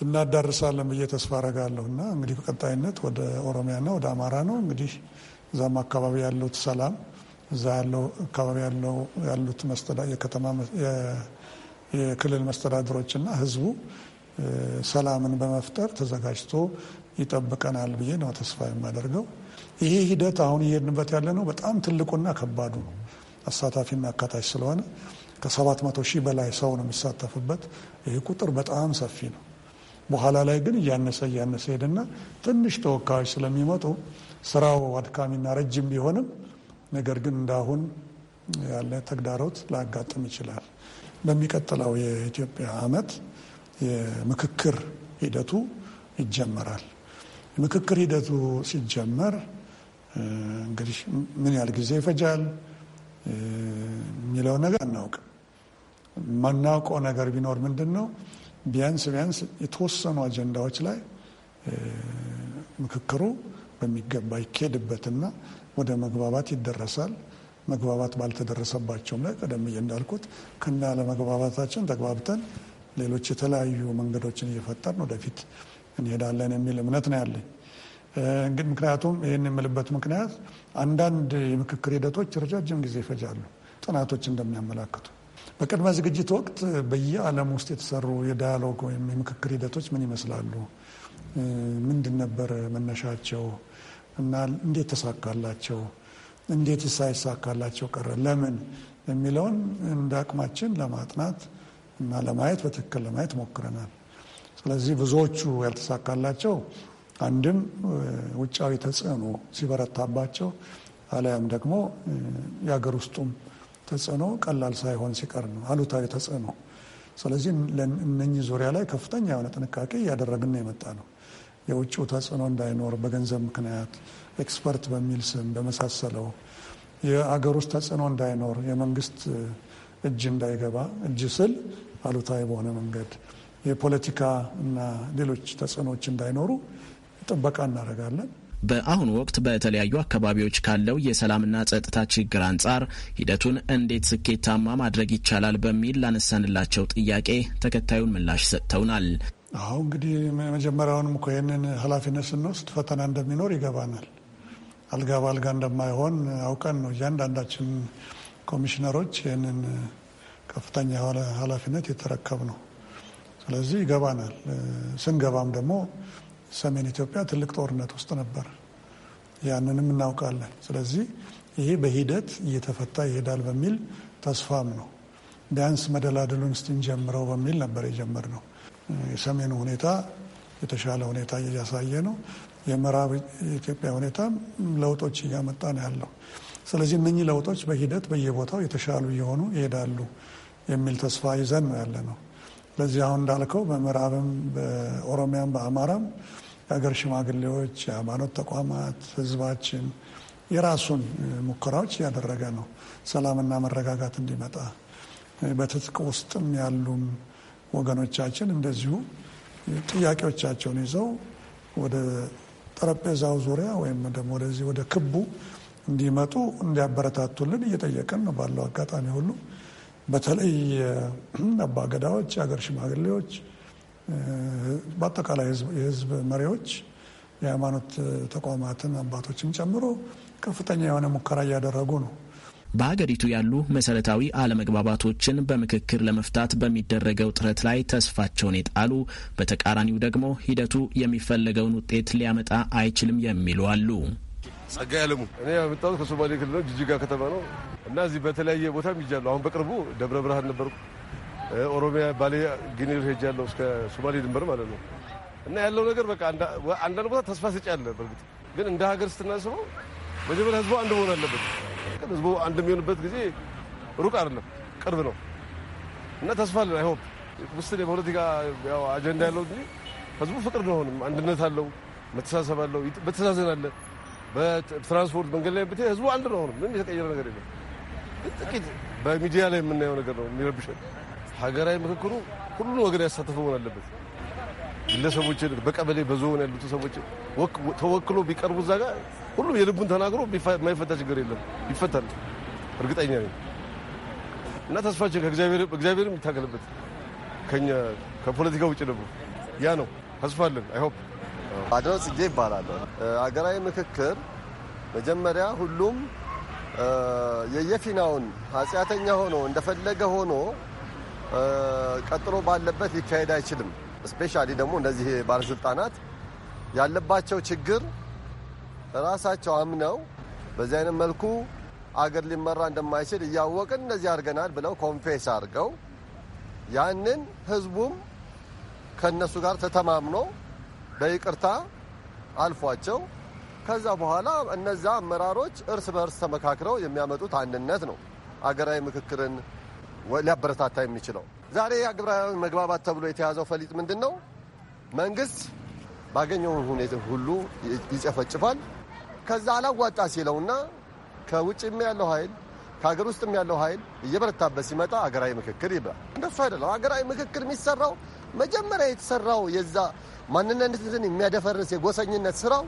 እናዳርሳለን ብዬ ተስፋ አረጋለሁ እና እንግዲህ በቀጣይነት ወደ ኦሮሚያና ወደ አማራ ነው እንግዲህ እዛም አካባቢ ያሉት ሰላም እዛ ያለው አካባቢ ያለው ያሉት የከተማ የክልል መስተዳድሮችና ህዝቡ ሰላምን በመፍጠር ተዘጋጅቶ ይጠብቀናል ብዬ ነው ተስፋ የማደርገው። ይሄ ሂደት አሁን እየሄድንበት ያለ ነው። በጣም ትልቁና ከባዱ ነው። አሳታፊና አካታች ስለሆነ ከሰባት መቶ ሺህ በላይ ሰው ነው የሚሳተፍበት። ይህ ቁጥር በጣም ሰፊ ነው። በኋላ ላይ ግን እያነሰ እያነሰ ሄደና ትንሽ ተወካዮች ስለሚመጡ ስራው አድካሚና ረጅም ቢሆንም ነገር ግን እንዳሁን ያለ ተግዳሮት ላያጋጥም ይችላል። በሚቀጥለው የኢትዮጵያ ዓመት የምክክር ሂደቱ ይጀመራል። የምክክር ሂደቱ ሲጀመር እንግዲህ ምን ያህል ጊዜ ይፈጃል? የሚለውን ነገር አናውቅም። የማናውቀው ነገር ቢኖር ምንድን ነው? ቢያንስ ቢያንስ የተወሰኑ አጀንዳዎች ላይ ምክክሩ በሚገባ ይካሄድበትና ወደ መግባባት ይደረሳል። መግባባት ባልተደረሰባቸውም ላይ ቀደም ብዬ እንዳልኩት ከና ለመግባባታችን ተግባብተን ሌሎች የተለያዩ መንገዶችን እየፈጠርን ወደፊት እንሄዳለን የሚል እምነት ነው ያለኝ። ግን ምክንያቱም ይህን የምልበት ምክንያት አንዳንድ የምክክር ሂደቶች ረጃጅም ጊዜ ይፈጃሉ። ጥናቶች እንደሚያመላክቱ በቅድመ ዝግጅት ወቅት በየዓለም ውስጥ የተሰሩ የዳያሎግ ወይም የምክክር ሂደቶች ምን ይመስላሉ? ምንድን ነበር መነሻቸው እና እንዴት ተሳካላቸው? እንዴት ሳይሳካላቸው ቀረ? ለምን የሚለውን እንደ አቅማችን ለማጥናት እና ለማየት በትክክል ለማየት ሞክረናል። ስለዚህ ብዙዎቹ ያልተሳካላቸው አንድም ውጫዊ ተጽዕኖ ሲበረታባቸው አለያም ደግሞ የአገር ውስጡም ተጽዕኖ ቀላል ሳይሆን ሲቀር ነው፣ አሉታዊ ተጽዕኖ። ስለዚህ እነኚህ ዙሪያ ላይ ከፍተኛ የሆነ ጥንቃቄ እያደረግን የመጣ ነው። የውጭው ተጽዕኖ እንዳይኖር በገንዘብ ምክንያት ኤክስፐርት በሚል ስም በመሳሰለው የአገር ውስጥ ተጽዕኖ እንዳይኖር የመንግስት እጅ እንዳይገባ እጅ ስል አሉታዊ በሆነ መንገድ የፖለቲካ እና ሌሎች ተጽዕኖች እንዳይኖሩ ጥበቃ እናደርጋለን። በአሁኑ ወቅት በተለያዩ አካባቢዎች ካለው የሰላምና ጸጥታ ችግር አንጻር ሂደቱን እንዴት ስኬታማ ማድረግ ይቻላል በሚል ላነሳንላቸው ጥያቄ ተከታዩን ምላሽ ሰጥተውናል። አሁ እንግዲህ መጀመሪያውንም እኮ ይህንን ኃላፊነት ስንወስድ ፈተና እንደሚኖር ይገባናል። አልጋ በአልጋ እንደማይሆን አውቀን ነው እያንዳንዳችን ኮሚሽነሮች ይህንን ከፍተኛ ኃላፊነት የተረከብ ነው። ስለዚህ ይገባናል። ስንገባም ደግሞ ሰሜን ኢትዮጵያ ትልቅ ጦርነት ውስጥ ነበር። ያንንም እናውቃለን። ስለዚህ ይሄ በሂደት እየተፈታ ይሄዳል በሚል ተስፋም ነው። ቢያንስ መደላድሉን ጀምረው በሚል ነበር የጀመርነው። የሰሜኑ ሁኔታ የተሻለ ሁኔታ እያሳየ ነው። የምዕራብ ኢትዮጵያ ሁኔታ ለውጦች እያመጣ ነው ያለው። ስለዚህ እነኚህ ለውጦች በሂደት በየቦታው የተሻሉ እየሆኑ ይሄዳሉ የሚል ተስፋ ይዘን ነው ያለ ነው። ለዚህ አሁን እንዳልከው በምዕራብም፣ በኦሮሚያም፣ በአማራም የሀገር ሽማግሌዎች፣ የሃይማኖት ተቋማት፣ ህዝባችን የራሱን ሙከራዎች እያደረገ ነው። ሰላምና መረጋጋት እንዲመጣ በትጥቅ ውስጥም ያሉም ወገኖቻችን እንደዚሁ ጥያቄዎቻቸውን ይዘው ወደ ጠረጴዛው ዙሪያ ወይም ደግሞ ወደዚህ ወደ ክቡ እንዲመጡ እንዲያበረታቱልን እየጠየቅን ነው። ባለው አጋጣሚ ሁሉ በተለይ አባገዳዎች፣ የሀገር ሽማግሌዎች በአጠቃላይ የህዝብ መሪዎች የሃይማኖት ተቋማትን አባቶችን ጨምሮ ከፍተኛ የሆነ ሙከራ እያደረጉ ነው። በሀገሪቱ ያሉ መሰረታዊ አለመግባባቶችን በምክክር ለመፍታት በሚደረገው ጥረት ላይ ተስፋቸውን የጣሉ፣ በተቃራኒው ደግሞ ሂደቱ የሚፈለገውን ውጤት ሊያመጣ አይችልም የሚሉ አሉ። ጸጋ ያለሙ እኔ የመጣሁት ከሶማሌ ክልል ጅጅጋ ከተማ ነው እና እዚህ በተለያየ ቦታ ይጃሉ። አሁን በቅርቡ ደብረ ብርሃን ነበርኩ። ኦሮሚያ ባሌ ጊኒር ሄጃለሁ እስከ ሶማሌ ድንበር ማለት ነው። እና ያለው ነገር በቃ አንዳንድ ቦታ ተስፋ ሰጪ አለ። በእርግጥ ግን እንደ ሀገር ስትናስበው መጀመሪያ ህዝቡ አንድ መሆን አለበት። ግን ህዝቡ አንድ የሚሆንበት ጊዜ ሩቅ አይደለም፣ ቅርብ ነው እና ተስፋ አለን። አይሆፕ ውስን የፖለቲካ አጀንዳ ያለው እንጂ ህዝቡ ፍቅር ነው፣ አንድነት አለው፣ መተሳሰብ አለው፣ መተዛዘን አለ። በትራንስፖርት መንገድ ላይ ብትሄድ ህዝቡ አንድ ነው፣ አሁንም ምንም የተቀየረ ነገር የለም። ጥቂት በሚዲያ ላይ የምናየው ነገር ነው የሚረብሸን። ሀገራዊ ምክክሩ ሁሉን ወገን ያሳተፈ መሆን አለበት። ግለሰቦችን በቀበሌ በዞን ያሉት ሰዎች ተወክሎ ቢቀርቡ እዛ ጋር ሁሉም የልቡን ተናግሮ የማይፈታ ችግር የለም፣ ይፈታል። እርግጠኛ ነኝ እና ተስፋችን እግዚአብሔርም ይታገልበት ከኛ ከፖለቲካ ውጭ ደግሞ ያ ነው ተስፋ አለን። አይሆፕ አድነው ጽጌ ይባላል። ሀገራዊ ምክክር መጀመሪያ ሁሉም የየፊናውን ኃጢአተኛ ሆኖ እንደፈለገ ሆኖ ቀጥሎ ባለበት ሊካሄድ አይችልም። እስፔሻሊ ደግሞ እነዚህ ባለስልጣናት ያለባቸው ችግር ራሳቸው አምነው በዚህ አይነት መልኩ አገር ሊመራ እንደማይችል እያወቅን እነዚህ አድርገናል ብለው ኮንፌስ አድርገው ያንን ህዝቡም ከእነሱ ጋር ተተማምኖ በይቅርታ አልፏቸው ከዛ በኋላ እነዛ አመራሮች እርስ በእርስ ተመካክረው የሚያመጡት አንድነት ነው። አገራዊ ምክክርን ሊያበረታታ የሚችለው። ዛሬ ግብረ መግባባት ተብሎ የተያዘው ፈሊጥ ምንድን ነው? መንግስት ባገኘው ሁኔታ ሁሉ ይጨፈጭፋል። ከዛ አላዋጣ ሲለውና ከውጭም ያለው ኃይል ከሀገር ውስጥም ያለው ኃይል እየበረታበት ሲመጣ አገራዊ ምክክር ይባል። እንደሱ አይደለም። አገራዊ ምክክር የሚሰራው መጀመሪያ የተሰራው የዛ ማንነትን የሚያደፈርስ የጎሰኝነት ስራው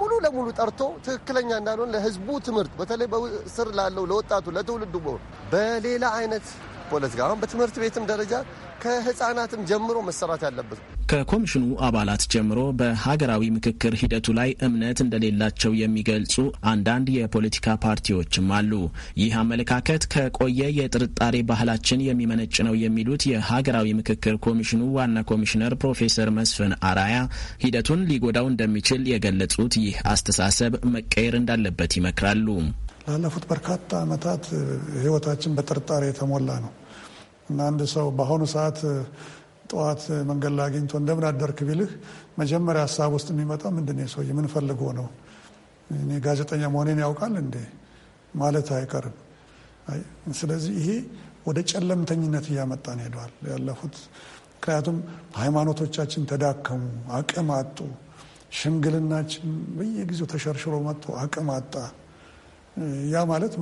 ሙሉ ለሙሉ ጠርቶ ትክክለኛ እንዳልሆን ለህዝቡ ትምህርት፣ በተለይ በስር ላለው ለወጣቱ፣ ለትውልዱ በሌላ አይነት ፖለቲካ አሁን በትምህርት ቤትም ደረጃ ከህፃናትም ጀምሮ መሰራት ያለበት ከኮሚሽኑ አባላት ጀምሮ በሀገራዊ ምክክር ሂደቱ ላይ እምነት እንደሌላቸው የሚገልጹ አንዳንድ የፖለቲካ ፓርቲዎችም አሉ። ይህ አመለካከት ከቆየ የጥርጣሬ ባህላችን የሚመነጭ ነው የሚሉት የሀገራዊ ምክክር ኮሚሽኑ ዋና ኮሚሽነር ፕሮፌሰር መስፍን አራያ ሂደቱን ሊጎዳው እንደሚችል የገለጹት ይህ አስተሳሰብ መቀየር እንዳለበት ይመክራሉ። ላለፉት በርካታ ዓመታት ህይወታችን በጥርጣሬ የተሞላ ነው እና አንድ ሰው በአሁኑ ሰዓት ጠዋት መንገድ ላይ አግኝቶ እንደምን አደርክ ቢልህ መጀመሪያ ሀሳብ ውስጥ የሚመጣው ምንድን ሰውዬ ምን ፈልጎ ነው? እኔ ጋዜጠኛ መሆኔን ያውቃል እንዴ ማለት አይቀርም። ስለዚህ ይሄ ወደ ጨለምተኝነት እያመጣን ሄደዋል ያለፉት። ምክንያቱም ሃይማኖቶቻችን ተዳከሙ፣ አቅም አጡ። ሽምግልናችን በየጊዜው ተሸርሽሮ መጥቶ አቅም አጣ። ያ ማለት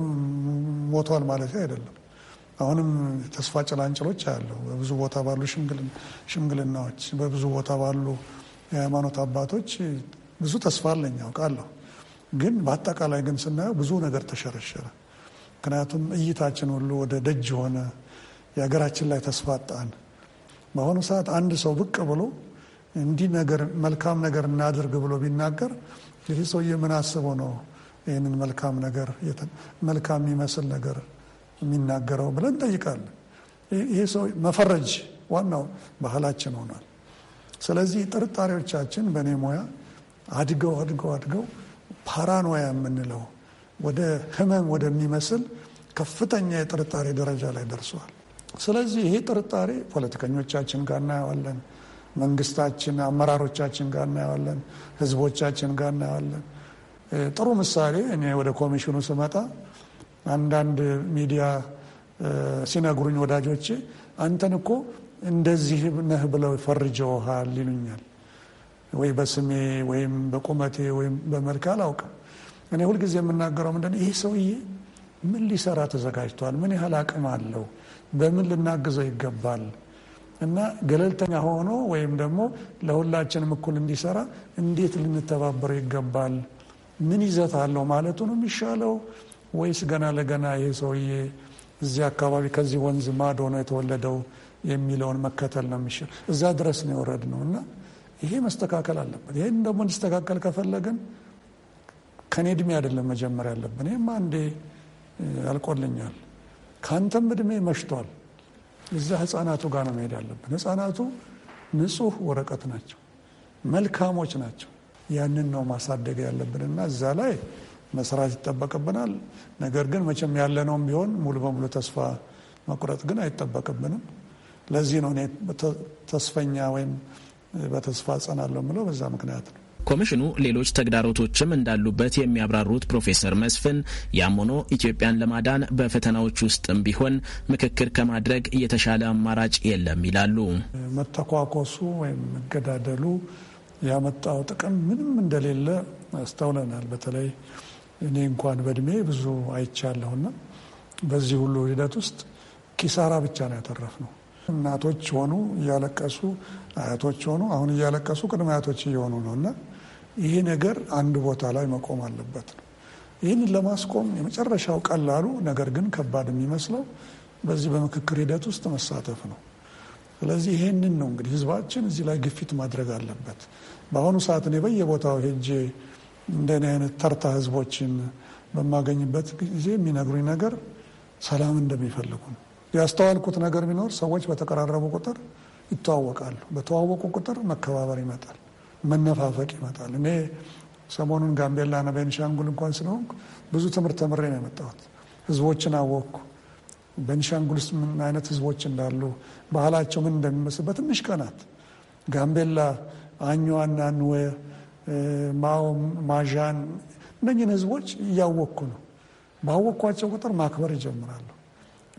ሞቷል ማለት አይደለም። አሁንም ተስፋ ጭላንጭሎች አለው። በብዙ ቦታ ባሉ ሽምግልናዎች፣ በብዙ ቦታ ባሉ የሃይማኖት አባቶች ብዙ ተስፋ አለኝ ያውቃለሁ። ግን በአጠቃላይ ግን ስናየው ብዙ ነገር ተሸረሸረ። ምክንያቱም እይታችን ሁሉ ወደ ደጅ ሆነ። የሀገራችን ላይ ተስፋ አጣን። በአሁኑ ሰዓት አንድ ሰው ብቅ ብሎ እንዲህ ነገር መልካም ነገር እናድርግ ብሎ ቢናገር ይህ ሰውዬ ምን አስበው ነው ይህንን መልካም ነገር መልካም የሚመስል ነገር የሚናገረው ብለን እንጠይቃለን። ይህ ሰው መፈረጅ ዋናው ባህላችን ሆኗል። ስለዚህ ጥርጣሬዎቻችን በእኔ ሙያ አድገው አድገው አድገው ፓራኖያ የምንለው ወደ ህመም ወደሚመስል ከፍተኛ የጥርጣሬ ደረጃ ላይ ደርሰዋል። ስለዚህ ይሄ ጥርጣሬ ፖለቲከኞቻችን ጋር እናየዋለን፣ መንግስታችን አመራሮቻችን ጋር እናየዋለን፣ ህዝቦቻችን ጋር እናየዋለን። ጥሩ ምሳሌ እኔ ወደ ኮሚሽኑ ስመጣ አንዳንድ ሚዲያ ሲነግሩኝ ወዳጆቼ አንተን እኮ እንደዚህ ነህ ብለው ፈርጀውሃል ይሉኛል። ወይ በስሜ ወይም በቁመቴ ወይም በመልክ አላውቅም። እኔ ሁልጊዜ የምናገረው ምንድነው ይህ ሰውዬ ምን ሊሰራ ተዘጋጅቷል? ምን ያህል አቅም አለው? በምን ልናግዘው ይገባል? እና ገለልተኛ ሆኖ ወይም ደግሞ ለሁላችንም እኩል እንዲሰራ እንዴት ልንተባበረው ይገባል ምን ይዘት አለው ማለቱ ነው የሚሻለው ወይስ ገና ለገና ይህ ሰውዬ እዚህ አካባቢ ከዚህ ወንዝ ማዶ ነው የተወለደው የሚለውን መከተል ነው የሚሻል። እዛ ድረስ ነው የወረድ ነው እና ይሄ መስተካከል አለበት። ይህን ደግሞ እንዲስተካከል ከፈለግን ከኔ እድሜ አይደለም መጀመር ያለብን። ይህም አንዴ ያልቆልኛል፣ ከአንተም እድሜ መሽቷል። እዛ ህፃናቱ ጋር ነው መሄድ ያለብን። ህፃናቱ ንጹህ ወረቀት ናቸው፣ መልካሞች ናቸው። ያንን ነው ማሳደግ ያለብን እና እዛ ላይ መስራት ይጠበቅብናል። ነገር ግን መቼም ያለነውም ቢሆን ሙሉ በሙሉ ተስፋ መቁረጥ ግን አይጠበቅብንም። ለዚህ ነው እኔ ተስፈኛ ወይም በተስፋ ጸናለሁ የምለው በዛ ምክንያት ነው። ኮሚሽኑ ሌሎች ተግዳሮቶችም እንዳሉበት የሚያብራሩት ፕሮፌሰር መስፍን ያም ሆኖ ኢትዮጵያን ለማዳን በፈተናዎች ውስጥም ቢሆን ምክክር ከማድረግ የተሻለ አማራጭ የለም ይላሉ። መተኳኮሱ ወይም መገዳደሉ ያመጣው ጥቅም ምንም እንደሌለ አስተውለናል። በተለይ እኔ እንኳን በእድሜ ብዙ አይቻለሁና በዚህ ሁሉ ሂደት ውስጥ ኪሳራ ብቻ ነው ያተረፍ ነው። እናቶች ሆኑ እያለቀሱ፣ አያቶች ሆኑ አሁን እያለቀሱ፣ ቅድመ አያቶች እየሆኑ ነው እና ይሄ ነገር አንድ ቦታ ላይ መቆም አለበት ነው። ይህንን ለማስቆም የመጨረሻው ቀላሉ ነገር ግን ከባድ የሚመስለው በዚህ በምክክር ሂደት ውስጥ መሳተፍ ነው። ስለዚህ ይህንን ነው እንግዲህ ህዝባችን እዚህ ላይ ግፊት ማድረግ አለበት። በአሁኑ ሰዓት እኔ በየቦታው ሄጄ እንደኔ አይነት ተርታ ህዝቦችን በማገኝበት ጊዜ የሚነግሩኝ ነገር ሰላም እንደሚፈልጉ ነው። ያስተዋልኩት ነገር ቢኖር ሰዎች በተቀራረቡ ቁጥር ይተዋወቃሉ። በተዋወቁ ቁጥር መከባበር ይመጣል፣ መነፋፈቅ ይመጣል። እኔ ሰሞኑን ጋምቤላና ቤንሻንጉል እንኳን ስለሆንኩ ብዙ ትምህርት ተምሬ ነው የመጣሁት። ህዝቦችን አወቅኩ። በንሻንጉል ውስጥ ምን አይነት ህዝቦች እንዳሉ ባህላቸው ምን እንደሚመስል በትንሽ ቀናት ጋምቤላ፣ አኛዋና፣ ንወ፣ ማኦ፣ ማዣን እነኝን ህዝቦች እያወቅኩ ነው። ባወቅኳቸው ቁጥር ማክበር ይጀምራሉ።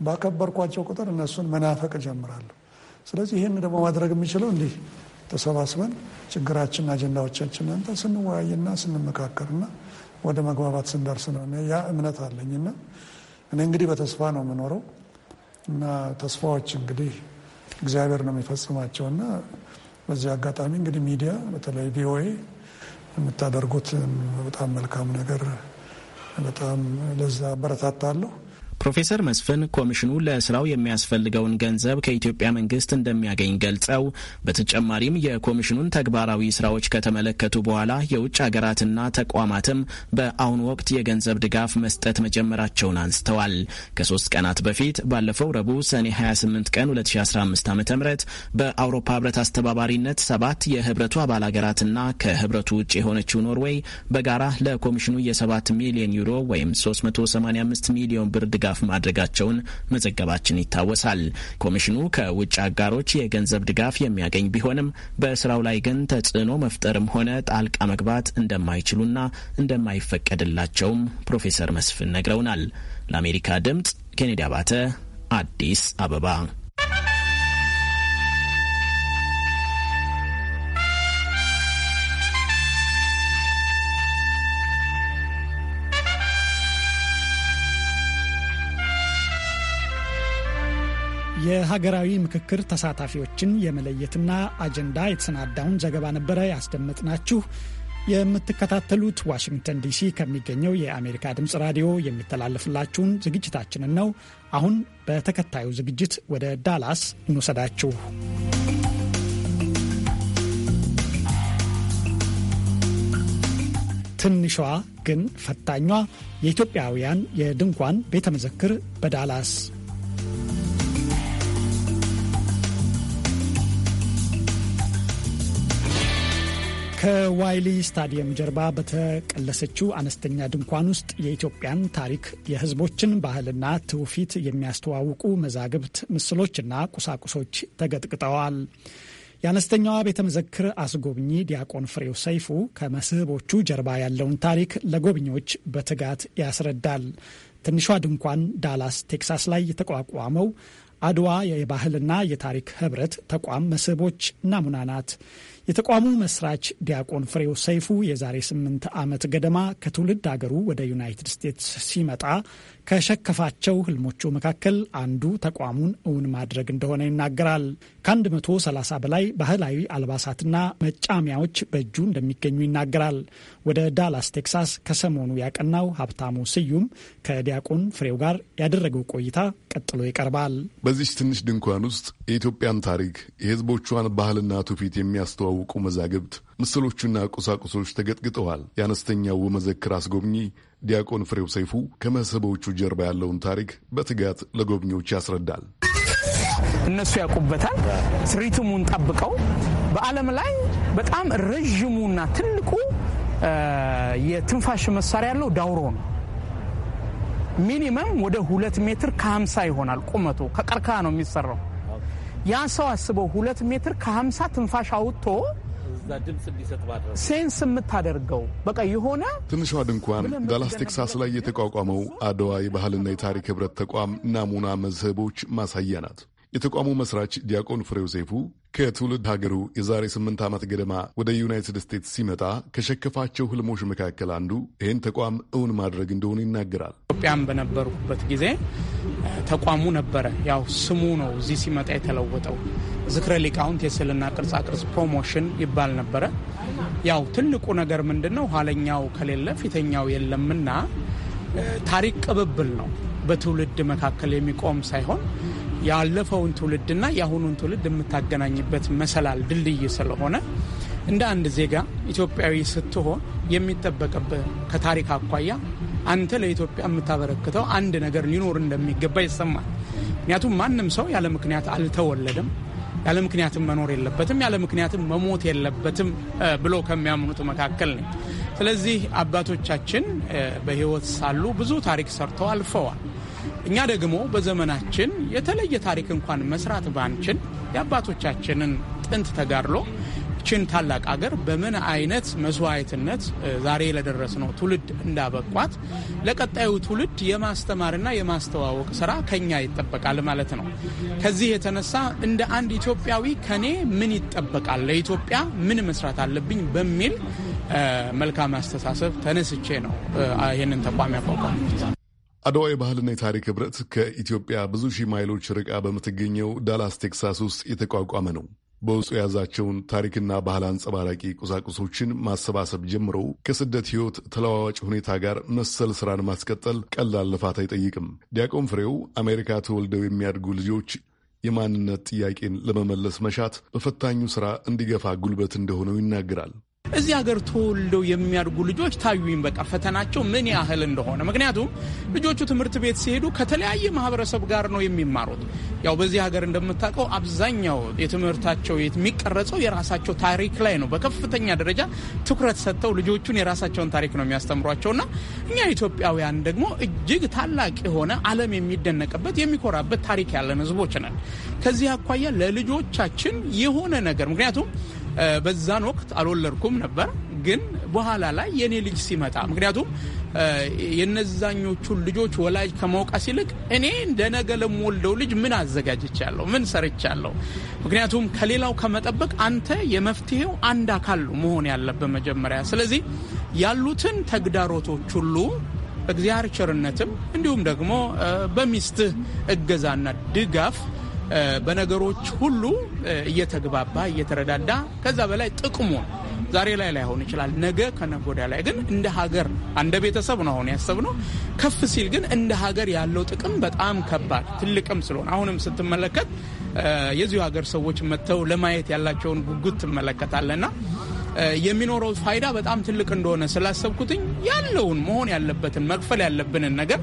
ባከበርኳቸው ቁጥር እነሱን መናፈቅ ይጀምራሉ። ስለዚህ ይህን ደግሞ ማድረግ የሚችለው እንዲህ ተሰባስበን ችግራችንና አጀንዳዎቻችንን ስንወያይና ስንመካከርና ወደ መግባባት ስንደርስ ነው። ያ እምነት አለኝና እኔ እንግዲህ በተስፋ ነው የምኖረው እና ተስፋዎች እንግዲህ እግዚአብሔር ነው የሚፈጽማቸው እና በዚህ አጋጣሚ እንግዲህ ሚዲያ በተለይ ቪኦኤ የምታደርጉት በጣም መልካም ነገር በጣም ለዛ አበረታታለሁ። ፕሮፌሰር መስፍን ኮሚሽኑ ለስራው የሚያስፈልገውን ገንዘብ ከኢትዮጵያ መንግስት እንደሚያገኝ ገልጸው በተጨማሪም የኮሚሽኑን ተግባራዊ ስራዎች ከተመለከቱ በኋላ የውጭ ሀገራትና ተቋማትም በአሁኑ ወቅት የገንዘብ ድጋፍ መስጠት መጀመራቸውን አንስተዋል። ከሶስት ቀናት በፊት ባለፈው ረቡዕ ሰኔ 28 ቀን 2015 ዓ ም በአውሮፓ ህብረት አስተባባሪነት ሰባት የህብረቱ አባል ሀገራትና ከህብረቱ ውጭ የሆነችው ኖርዌይ በጋራ ለኮሚሽኑ የ7 ሚሊዮን ዩሮ ወይም 385 ሚሊዮን ብር ድጋፍ ድጋፍ ማድረጋቸውን መዘገባችን ይታወሳል። ኮሚሽኑ ከውጭ አጋሮች የገንዘብ ድጋፍ የሚያገኝ ቢሆንም በስራው ላይ ግን ተጽዕኖ መፍጠርም ሆነ ጣልቃ መግባት እንደማይችሉና እንደማይፈቀድላቸውም ፕሮፌሰር መስፍን ነግረውናል። ለአሜሪካ ድምጽ ኬኔዲ አባተ አዲስ አበባ የሀገራዊ ምክክር ተሳታፊዎችን የመለየትና አጀንዳ የተሰናዳውን ዘገባ ነበረ ያስደመጥናችሁ። የምትከታተሉት ዋሽንግተን ዲሲ ከሚገኘው የአሜሪካ ድምፅ ራዲዮ የሚተላለፍላችሁን ዝግጅታችንን ነው። አሁን በተከታዩ ዝግጅት ወደ ዳላስ እንወሰዳችሁ። ትንሿ ግን ፈታኟ የኢትዮጵያውያን የድንኳን ቤተ መዘክር በዳላስ ከዋይሊ ስታዲየም ጀርባ በተቀለሰችው አነስተኛ ድንኳን ውስጥ የኢትዮጵያን ታሪክ፣ የሕዝቦችን ባህልና ትውፊት የሚያስተዋውቁ መዛግብት፣ ምስሎችና ቁሳቁሶች ተገጥግጠዋል። የአነስተኛዋ ቤተ መዘክር አስጎብኚ ዲያቆን ፍሬው ሰይፉ ከመስህቦቹ ጀርባ ያለውን ታሪክ ለጎብኚዎች በትጋት ያስረዳል። ትንሿ ድንኳን ዳላስ ቴክሳስ ላይ የተቋቋመው አድዋ የባህልና የታሪክ ህብረት ተቋም መስህቦች ናሙና ናት። የተቋሙ መስራች ዲያቆን ፍሬው ሰይፉ የዛሬ ስምንት ዓመት ገደማ ከትውልድ አገሩ ወደ ዩናይትድ ስቴትስ ሲመጣ ከሸከፋቸው ህልሞቹ መካከል አንዱ ተቋሙን እውን ማድረግ እንደሆነ ይናገራል። ከ130 በላይ ባህላዊ አልባሳትና መጫሚያዎች በእጁ እንደሚገኙ ይናገራል። ወደ ዳላስ ቴክሳስ ከሰሞኑ ያቀናው ሀብታሙ ስዩም ከዲያቆን ፍሬው ጋር ያደረገው ቆይታ ቀጥሎ ይቀርባል። በዚች ትንሽ ድንኳን ውስጥ የኢትዮጵያን ታሪክ የህዝቦቿን ባህልና ትውፊት የሚያስተዋው ባልታወቁ መዛግብት ምስሎቹና ቁሳቁሶች ተገጥግጠዋል። የአነስተኛው መዘክር አስጎብኚ ዲያቆን ፍሬው ሰይፉ ከመስህቦቹ ጀርባ ያለውን ታሪክ በትጋት ለጎብኚዎች ያስረዳል። እነሱ ያውቁበታል። ስሪትሙን ጠብቀው በዓለም ላይ በጣም ረዥሙና ትልቁ የትንፋሽ መሳሪያ ያለው ዳውሮ ነው። ሚኒመም ወደ ሁለት ሜትር ከሀምሳ ይሆናል ቁመቱ። ከቀርከሃ ነው የሚሰራው ያ ሰው አስበው ሁለት ሜትር ከሀምሳ ትንፋሽ አውጥቶ ሴንስ የምታደርገው በቃ የሆነ ትንሿ ድንኳን ዳላስ ቴክሳስ ላይ የተቋቋመው አድዋ የባህልና የታሪክ ህብረት ተቋም ናሙና መዝህቦች ማሳያ ናት። የተቋሙ መስራች ዲያቆን ፍሬው ሴፉ ከትውልድ ሀገሩ የዛሬ ስምንት ዓመት ገደማ ወደ ዩናይትድ ስቴትስ ሲመጣ ከሸከፋቸው ህልሞች መካከል አንዱ ይህን ተቋም እውን ማድረግ እንደሆነ ይናገራል። ኢትዮጵያን በነበርኩበት ጊዜ ተቋሙ ነበረ። ያው ስሙ ነው እዚህ ሲመጣ የተለወጠው። ዝክረ ሊቃውንት የስዕልና ቅርጻቅርጽ ፕሮሞሽን ይባል ነበረ። ያው ትልቁ ነገር ምንድን ነው? ኋለኛው ከሌለ ፊተኛው የለምና ታሪክ ቅብብል ነው። በትውልድ መካከል የሚቆም ሳይሆን ያለፈውን ትውልድና የአሁኑን ትውልድ የምታገናኝበት መሰላል ድልድይ ስለሆነ እንደ አንድ ዜጋ ኢትዮጵያዊ ስትሆን የሚጠበቅብህ ከታሪክ አኳያ አንተ ለኢትዮጵያ የምታበረክተው አንድ ነገር ሊኖር እንደሚገባ ይሰማል። ምክንያቱም ማንም ሰው ያለ ምክንያት አልተወለደም፣ ያለ ምክንያትም መኖር የለበትም፣ ያለ ምክንያትም መሞት የለበትም ብሎ ከሚያምኑት መካከል ነኝ። ስለዚህ አባቶቻችን በሕይወት ሳሉ ብዙ ታሪክ ሰርተው አልፈዋል። እኛ ደግሞ በዘመናችን የተለየ ታሪክ እንኳን መስራት ባንችል የአባቶቻችንን ጥንት ተጋድሎ ችን ታላቅ አገር በምን አይነት መስዋዕትነት ዛሬ ለደረስነው ትውልድ እንዳበቋት ለቀጣዩ ትውልድ የማስተማርና የማስተዋወቅ ስራ ከኛ ይጠበቃል ማለት ነው። ከዚህ የተነሳ እንደ አንድ ኢትዮጵያዊ ከኔ ምን ይጠበቃል፣ ለኢትዮጵያ ምን መስራት አለብኝ በሚል መልካም አስተሳሰብ ተነስቼ ነው ይህንን ተቋም ያቋቋሙት። አድዋ የባህልና የታሪክ ህብረት ከኢትዮጵያ ብዙ ሺህ ማይሎች ርቃ በምትገኘው ዳላስ ቴክሳስ ውስጥ የተቋቋመ ነው። በውስጡ የያዛቸውን ታሪክና ባህል አንጸባራቂ ቁሳቁሶችን ማሰባሰብ ጀምሮ ከስደት ህይወት ተለዋዋጭ ሁኔታ ጋር መሰል ስራን ማስቀጠል ቀላል ልፋት አይጠይቅም። ዲያቆን ፍሬው አሜሪካ ተወልደው የሚያድጉ ልጆች የማንነት ጥያቄን ለመመለስ መሻት በፈታኙ ስራ እንዲገፋ ጉልበት እንደሆነው ይናገራል። እዚህ ሀገር ተወልደው የሚያድጉ ልጆች ታዩኝ፣ በቃ ፈተናቸው ምን ያህል እንደሆነ። ምክንያቱም ልጆቹ ትምህርት ቤት ሲሄዱ ከተለያየ ማህበረሰብ ጋር ነው የሚማሩት። ያው በዚህ ሀገር እንደምታውቀው አብዛኛው የትምህርታቸው የሚቀረጸው የራሳቸው ታሪክ ላይ ነው። በከፍተኛ ደረጃ ትኩረት ሰጥተው ልጆቹን የራሳቸውን ታሪክ ነው የሚያስተምሯቸውና እኛ ኢትዮጵያውያን ደግሞ እጅግ ታላቅ የሆነ ዓለም የሚደነቅበት የሚኮራበት ታሪክ ያለን ህዝቦች ነን። ከዚህ አኳያ ለልጆቻችን የሆነ ነገር ምክንያቱም በዛን ወቅት አልወለድኩም ነበር። ግን በኋላ ላይ የእኔ ልጅ ሲመጣ ምክንያቱም የነዛኞቹን ልጆች ወላጅ ከማውቃስ ይልቅ እኔ እንደ ነገ ለምወልደው ልጅ ምን አዘጋጅቻለሁ፣ ምን ሰርቻለሁ። ምክንያቱም ከሌላው ከመጠበቅ አንተ የመፍትሄው አንድ አካል መሆን ያለበት መጀመሪያ። ስለዚህ ያሉትን ተግዳሮቶች ሁሉ በእግዚአብሔር ቸርነትም እንዲሁም ደግሞ በሚስትህ እገዛና ድጋፍ በነገሮች ሁሉ እየተግባባ እየተረዳዳ ከዛ በላይ ጥቅሙ ዛሬ ላይ ላይሆን ይችላል። ነገ ከነጎዳ ላይ ግን እንደ ሀገር እንደ ቤተሰብ ነው አሁን ያሰብነው። ከፍ ሲል ግን እንደ ሀገር ያለው ጥቅም በጣም ከባድ ትልቅም ስለሆነ አሁንም ስትመለከት የዚሁ ሀገር ሰዎች መጥተው ለማየት ያላቸውን ጉጉት ትመለከታለና የሚኖረው ፋይዳ በጣም ትልቅ እንደሆነ ስላሰብኩትኝ ያለውን መሆን ያለበትን መክፈል ያለብንን ነገር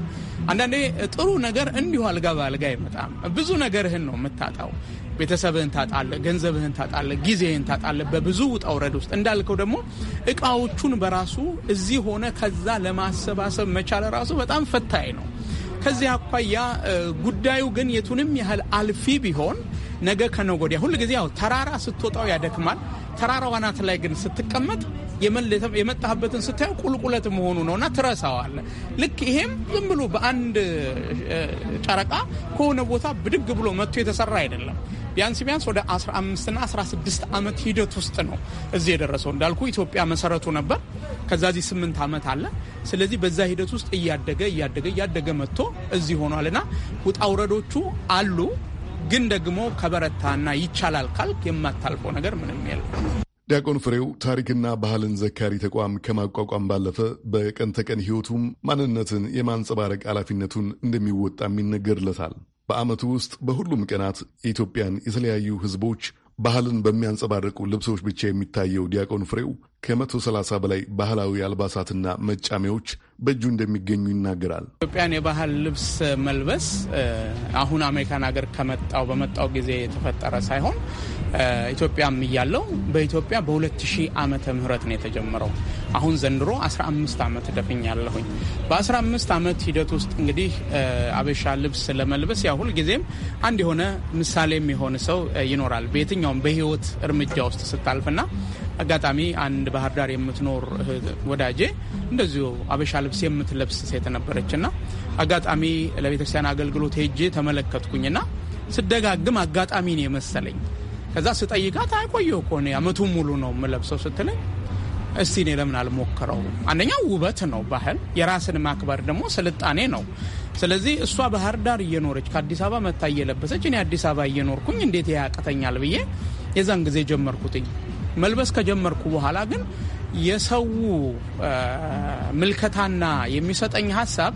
አንዳንዴ ጥሩ ነገር እንዲሁ አልጋ በአልጋ አይመጣም። ብዙ ነገርህን ነው የምታጣው። ቤተሰብህን ታጣለ፣ ገንዘብህን ታጣለ፣ ጊዜህን ታጣለ። በብዙ ውጣ ውረድ ውስጥ እንዳልከው ደግሞ እቃዎቹን በራሱ እዚህ ሆነ ከዛ ለማሰባሰብ መቻል ራሱ በጣም ፈታኝ ነው። ከዚህ አኳያ ጉዳዩ ግን የቱንም ያህል አልፊ ቢሆን ነገ ከነገ ወዲያ ሁል ጊዜ ያው ተራራ ስትወጣው ያደክማል። ተራራው አናት ላይ ግን ስትቀመጥ የመጣህበትን ስታየው ቁልቁለት መሆኑ ነው እና ትረሳዋል ልክ ይሄም ዝም ብሎ በአንድ ጨረቃ ከሆነ ቦታ ብድግ ብሎ መጥቶ የተሰራ አይደለም። ቢያንስ ቢያንስ ወደ 15ና 16 ዓመት ሂደት ውስጥ ነው እዚህ የደረሰው። እንዳልኩ ኢትዮጵያ መሰረቱ ነበር። ከዛ ዚህ 8 ዓመት አለ። ስለዚህ በዛ ሂደት ውስጥ እያደገ እያደገ እያደገ መጥቶ እዚህ ሆኗልና ውጣ ውረዶቹ አሉ ግን ደግሞ ከበረታና ይቻላል ካልክ የማታልፈው ነገር ምንም የለም። ዲያቆን ፍሬው ታሪክና ባህልን ዘካሪ ተቋም ከማቋቋም ባለፈ በቀን ተቀን ሕይወቱም ማንነትን የማንጸባረቅ ኃላፊነቱን እንደሚወጣም ይነገርለታል። በዓመቱ ውስጥ በሁሉም ቀናት የኢትዮጵያን የተለያዩ ሕዝቦች ባህልን በሚያንጸባርቁ ልብሶች ብቻ የሚታየው ዲያቆን ፍሬው ከ130 በላይ ባህላዊ አልባሳትና መጫሚያዎች በእጁ እንደሚገኙ ይናገራል። ኢትዮጵያን የባህል ልብስ መልበስ አሁን አሜሪካን ሀገር ከመጣው በመጣው ጊዜ የተፈጠረ ሳይሆን ኢትዮጵያም እያለው በኢትዮጵያ በ2000 ዓመተ ምህረት ነው የተጀመረው። አሁን ዘንድሮ 15 ዓመት ደፍኝ ያለሁኝ በ15 ዓመት ሂደት ውስጥ እንግዲህ አበሻ ልብስ ለመልበስ ያ ሁልጊዜም አንድ የሆነ ምሳሌ የሚሆን ሰው ይኖራል። በየትኛውም በህይወት እርምጃ ውስጥ ስታልፍና አጋጣሚ አንድ ባህር ዳር የምትኖር ወዳጄ እንደዚሁ አበሻ ልብስ የምትለብስ ሴት ነበረች አጋጣሚ ለቤተክርስቲያን አገልግሎት ሄጄ ተመለከትኩኝና ስደጋግም አጋጣሚ ነው የመሰለኝ። ከዛ ስጠይቃት አይቆየው እኮ እኔ ሙሉ ነው የምለብሰው ስትለኝ እስቲ እኔ ለምን አልሞክረው? አንደኛው ውበት ነው። ባህል የራስን ማክበር ደግሞ ስልጣኔ ነው። ስለዚህ እሷ ባህር ዳር እየኖረች ከአዲስ አበባ መታ እየለበሰች እኔ አዲስ አበባ እየኖርኩኝ እንዴት ያቅተኛል ብዬ የዛን ጊዜ ጀመርኩትኝ። መልበስ ከጀመርኩ በኋላ ግን የሰው ምልከታና የሚሰጠኝ ሀሳብ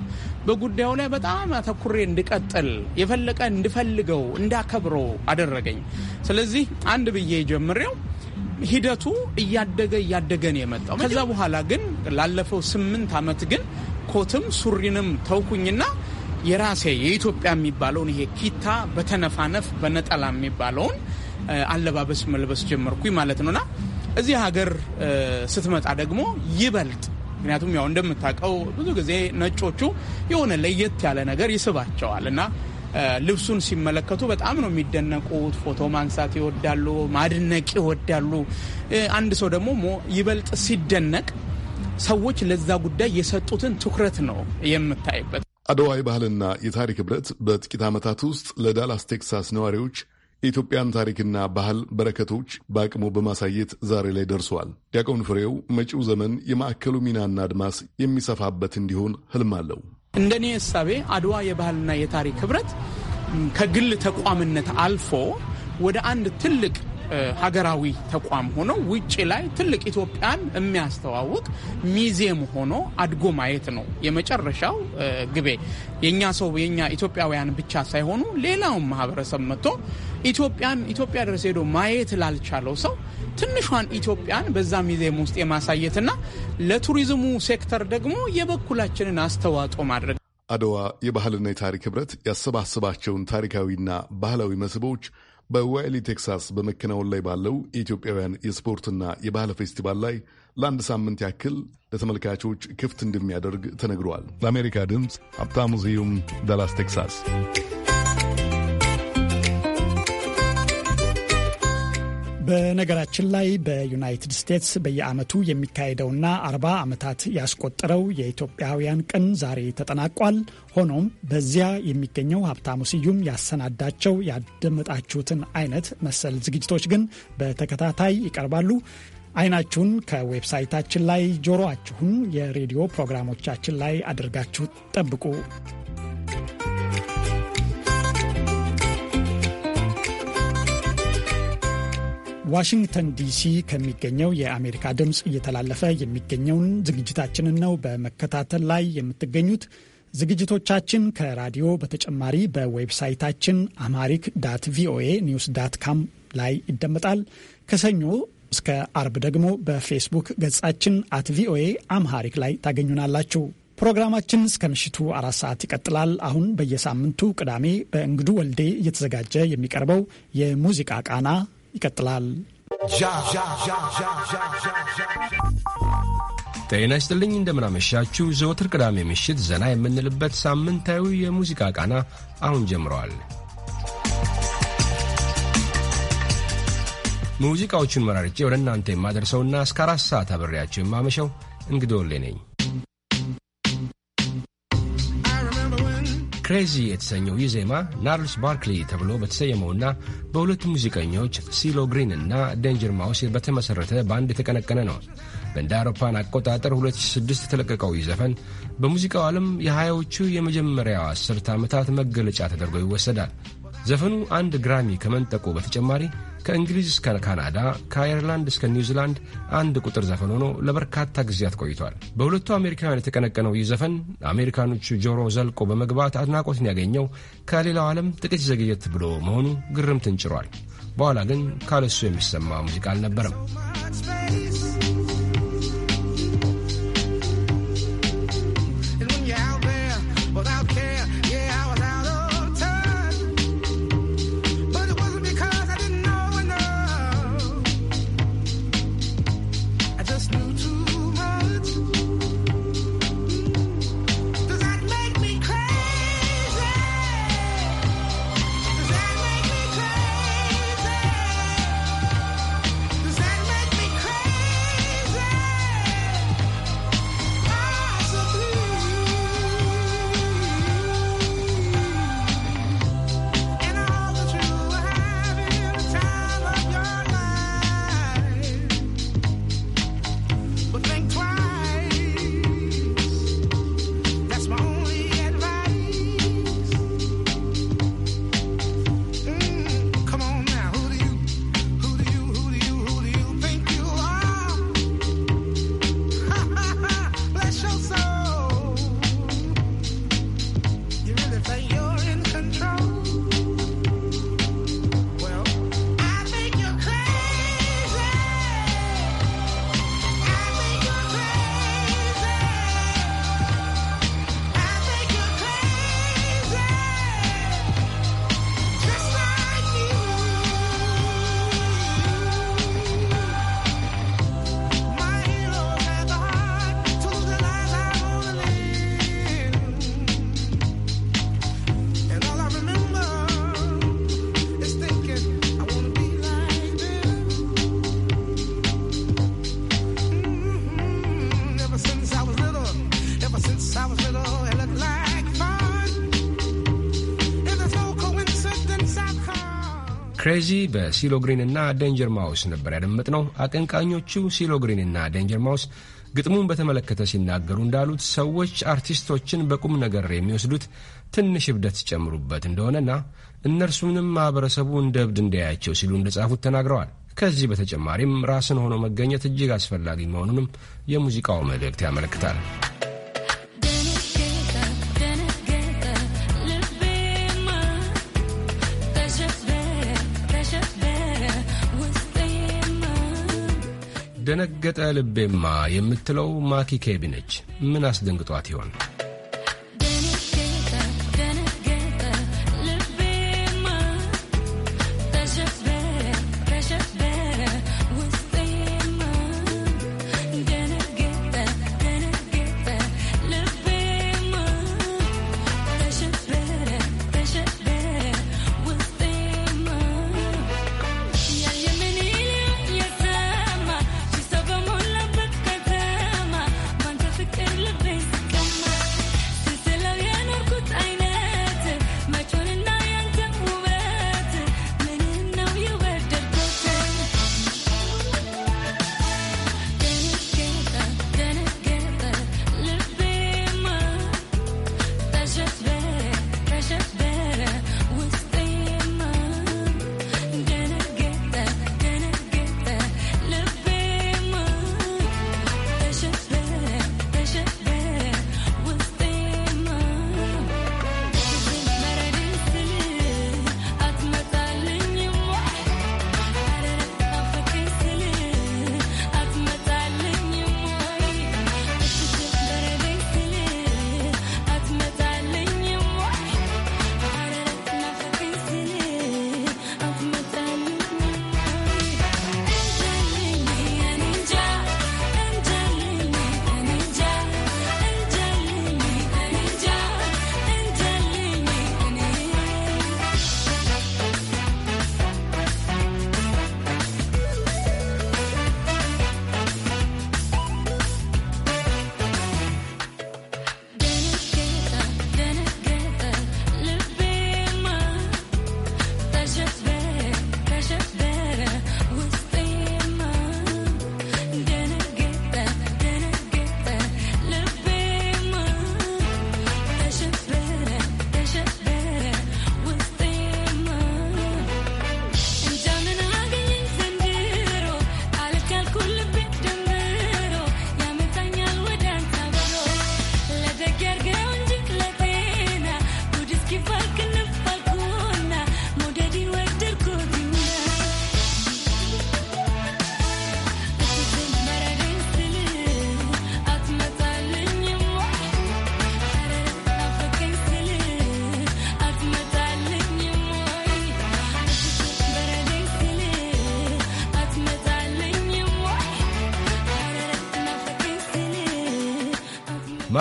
በጉዳዩ ላይ በጣም አተኩሬ እንድቀጥል የፈለቀ እንድፈልገው እንዳከብረው አደረገኝ። ስለዚህ አንድ ብዬ ጀምሬው ሂደቱ እያደገ እያደገ ነው የመጣው። ከዛ በኋላ ግን ላለፈው ስምንት ዓመት ግን ኮትም ሱሪንም ተውኩኝና የራሴ የኢትዮጵያ የሚባለውን ይሄ ኪታ በተነፋነፍ በነጠላ የሚባለውን አለባበስ መልበስ ጀመርኩኝ ማለት ነውና እዚህ ሀገር ስትመጣ ደግሞ ይበልጥ ምክንያቱም ያው እንደምታውቀው ብዙ ጊዜ ነጮቹ የሆነ ለየት ያለ ነገር ይስባቸዋል እና ልብሱን ሲመለከቱ በጣም ነው የሚደነቁት። ፎቶ ማንሳት ይወዳሉ፣ ማድነቅ ይወዳሉ። አንድ ሰው ደግሞ ይበልጥ ሲደነቅ ሰዎች ለዛ ጉዳይ የሰጡትን ትኩረት ነው የምታይበት። አድዋ የባህልና የታሪክ ህብረት በጥቂት ዓመታት ውስጥ ለዳላስ ቴክሳስ ነዋሪዎች የኢትዮጵያን ታሪክና ባህል በረከቶች በአቅሙ በማሳየት ዛሬ ላይ ደርሷል። ዲያቆን ፍሬው መጪው ዘመን የማዕከሉ ሚናና አድማስ የሚሰፋበት እንዲሆን ህልም አለው። እኔ እሳቤ አድዋ የባህልና የታሪክ ህብረት ከግል ተቋምነት አልፎ ወደ አንድ ትልቅ ሀገራዊ ተቋም ሆኖ ውጭ ላይ ትልቅ ኢትዮጵያን የሚያስተዋውቅ ሚዜም ሆኖ አድጎ ማየት ነው የመጨረሻው ግቤ። የእኛ ሰው የኛ ኢትዮጵያውያን ብቻ ሳይሆኑ ሌላውን ማህበረሰብ መጥቶ ኢትዮጵያን ኢትዮጵያ ድረስ ሄዶ ማየት ላልቻለው ሰው ትንሿን ኢትዮጵያን በዛ ሚዜም ውስጥ የማሳየትና ለቱሪዝሙ ሴክተር ደግሞ የበኩላችንን አስተዋጽኦ ማድረግ። አድዋ የባህልና የታሪክ ህብረት ያሰባሰባቸውን ታሪካዊና ባህላዊ መስህቦች በዋይሊ ቴክሳስ በመከናወን ላይ ባለው የኢትዮጵያውያን የስፖርትና የባህል ፌስቲቫል ላይ ለአንድ ሳምንት ያክል ለተመልካቾች ክፍት እንደሚያደርግ ተነግሯል። ለአሜሪካ ድምፅ ሀብታሙ ስዩም ዳላስ ቴክሳስ። በነገራችን ላይ በዩናይትድ ስቴትስ በየዓመቱ የሚካሄደውና አርባ ዓመታት ያስቆጠረው የኢትዮጵያውያን ቀን ዛሬ ተጠናቋል። ሆኖም በዚያ የሚገኘው ሀብታሙ ስዩም ያሰናዳቸው ያደመጣችሁትን አይነት መሰል ዝግጅቶች ግን በተከታታይ ይቀርባሉ። አይናችሁን ከዌብሳይታችን ላይ ጆሮአችሁን የሬዲዮ ፕሮግራሞቻችን ላይ አድርጋችሁ ጠብቁ። ዋሽንግተን ዲሲ ከሚገኘው የአሜሪካ ድምፅ እየተላለፈ የሚገኘውን ዝግጅታችንን ነው በመከታተል ላይ የምትገኙት። ዝግጅቶቻችን ከራዲዮ በተጨማሪ በዌብሳይታችን አማሪክ ዳት ቪኦኤ ኒውስ ዳት ካም ላይ ይደመጣል። ከሰኞ እስከ አርብ ደግሞ በፌስቡክ ገጻችን አት ቪኦኤ አምሃሪክ ላይ ታገኙናላችሁ። ፕሮግራማችን እስከ ምሽቱ አራት ሰዓት ይቀጥላል። አሁን በየሳምንቱ ቅዳሜ በእንግዱ ወልዴ እየተዘጋጀ የሚቀርበው የሙዚቃ ቃና ይቀጥላል። ጤና ይስጥልኝ። እንደምናመሻችሁ። ዘወትር ቅዳሜ ምሽት ዘና የምንልበት ሳምንታዊ የሙዚቃ ቃና አሁን ጀምረዋል። ሙዚቃዎቹን መራርጬ ወደ እናንተ የማደርሰውና እስከ አራት ሰዓት አብሬያቸው የማመሸው እንግዲህ ወሌ ነኝ። ክሬዚ የተሰኘው ይህ ዜማ ናርልስ ባርክሊ ተብሎ በተሰየመውና በሁለት ሙዚቀኞች ሲሎ ግሪን እና ደንጀር ማውስ በተመሠረተ ባንድ የተቀነቀነ ነው። በእንደ አውሮፓን አቆጣጠር 2006 የተለቀቀው ይህ ዘፈን በሙዚቃው ዓለም የሀያዎቹ የመጀመሪያው አስርት ዓመታት መገለጫ ተደርጎ ይወሰዳል። ዘፈኑ አንድ ግራሚ ከመንጠቁ በተጨማሪ ከእንግሊዝ እስከ ካናዳ፣ ከአየርላንድ እስከ ኒውዚላንድ አንድ ቁጥር ዘፈን ሆኖ ለበርካታ ጊዜያት ቆይቷል። በሁለቱ አሜሪካውያን የተቀነቀነው ይህ ዘፈን አሜሪካኖቹ ጆሮ ዘልቆ በመግባት አድናቆትን ያገኘው ከሌላው ዓለም ጥቂት ዘግየት ብሎ መሆኑ ግርምትን ጭሯል። በኋላ ግን ካለሱ የሚሰማ ሙዚቃ አልነበረም። ክሬዚ በሲሎግሪን እና ደንጀር ማውስ ነበር ያደመጥነው። አቀንቃኞቹ ሲሎግሪን እና ደንጀር ማውስ ግጥሙን በተመለከተ ሲናገሩ እንዳሉት ሰዎች አርቲስቶችን በቁም ነገር የሚወስዱት ትንሽ እብደት ሲጨምሩበት እንደሆነና እነርሱንም ማህበረሰቡ እንደ እብድ እንዳያቸው ሲሉ እንደጻፉት ተናግረዋል። ከዚህ በተጨማሪም ራስን ሆኖ መገኘት እጅግ አስፈላጊ መሆኑንም የሙዚቃው መልእክት ያመለክታል። ደነገጠ ልቤማ የምትለው ማኪ ኬቢ ነች። ምን አስደንግጧት ይሆን?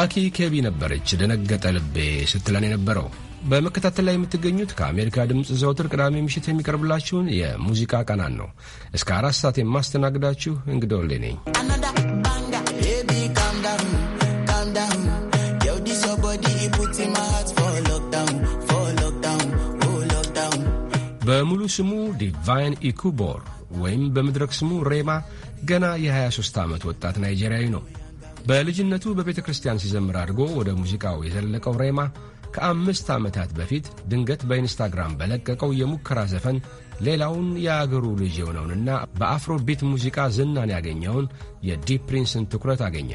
ማኪ ኬቢ ነበረች ደነገጠ ልቤ ስትለን የነበረው። በመከታተል ላይ የምትገኙት ከአሜሪካ ድምፅ ዘወትር ቅዳሜ ምሽት የሚቀርብላችሁን የሙዚቃ ቃናን ነው። እስከ አራት ሰዓት የማስተናግዳችሁ እንግዳ ነኝ። በሙሉ ስሙ ዲቫይን ኢኩቦር ወይም በመድረክ ስሙ ሬማ ገና የ23 ዓመት ወጣት ናይጄሪያዊ ነው። በልጅነቱ በቤተ ክርስቲያን ሲዘምር አድጎ ወደ ሙዚቃው የዘለቀው ሬማ ከአምስት ዓመታት በፊት ድንገት በኢንስታግራም በለቀቀው የሙከራ ዘፈን ሌላውን የአገሩ ልጅ የሆነውንና በአፍሮ ቢት ሙዚቃ ዝናን ያገኘውን የዲፕ ፕሪንስን ትኩረት አገኘ።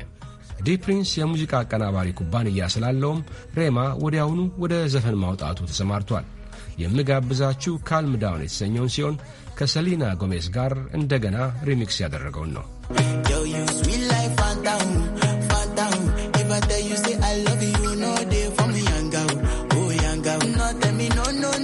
ዲፕ ፕሪንስ የሙዚቃ አቀናባሪ ኩባንያ ስላለውም ሬማ ወዲያውኑ ወደ ዘፈን ማውጣቱ ተሰማርቷል። የምጋብዛችሁ ካልም ዳውን የተሰኘውን ሲሆን ከሰሊና ጎሜዝ ጋር እንደገና ሪሚክስ ያደረገውን ነው። you sweet like If I tell you say I love you, no day for me, young girl. Oh, me no, no.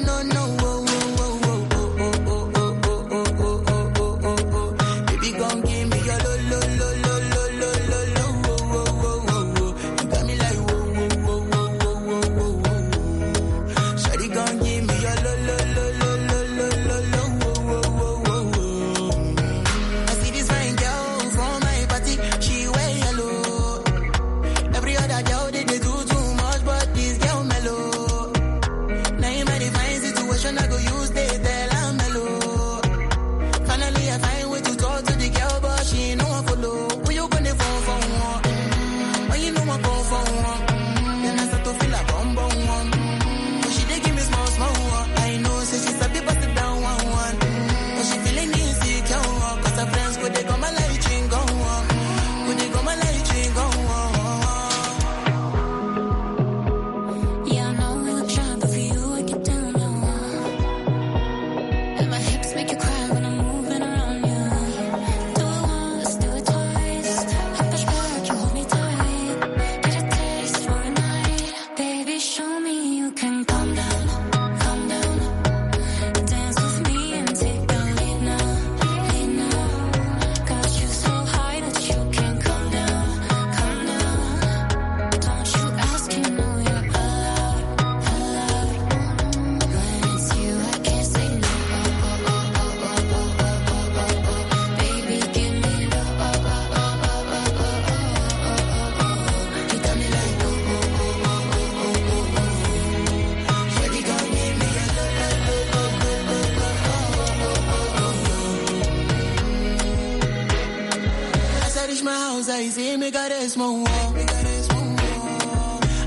my house, I see me got a small wall.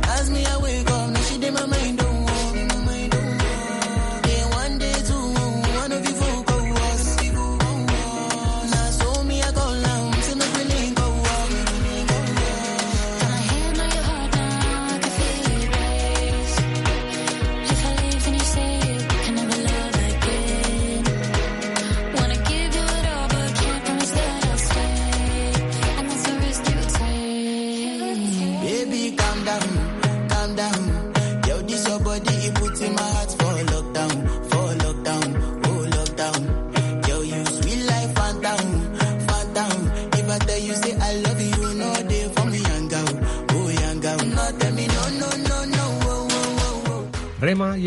Ask me, I wake up, now she did my mind.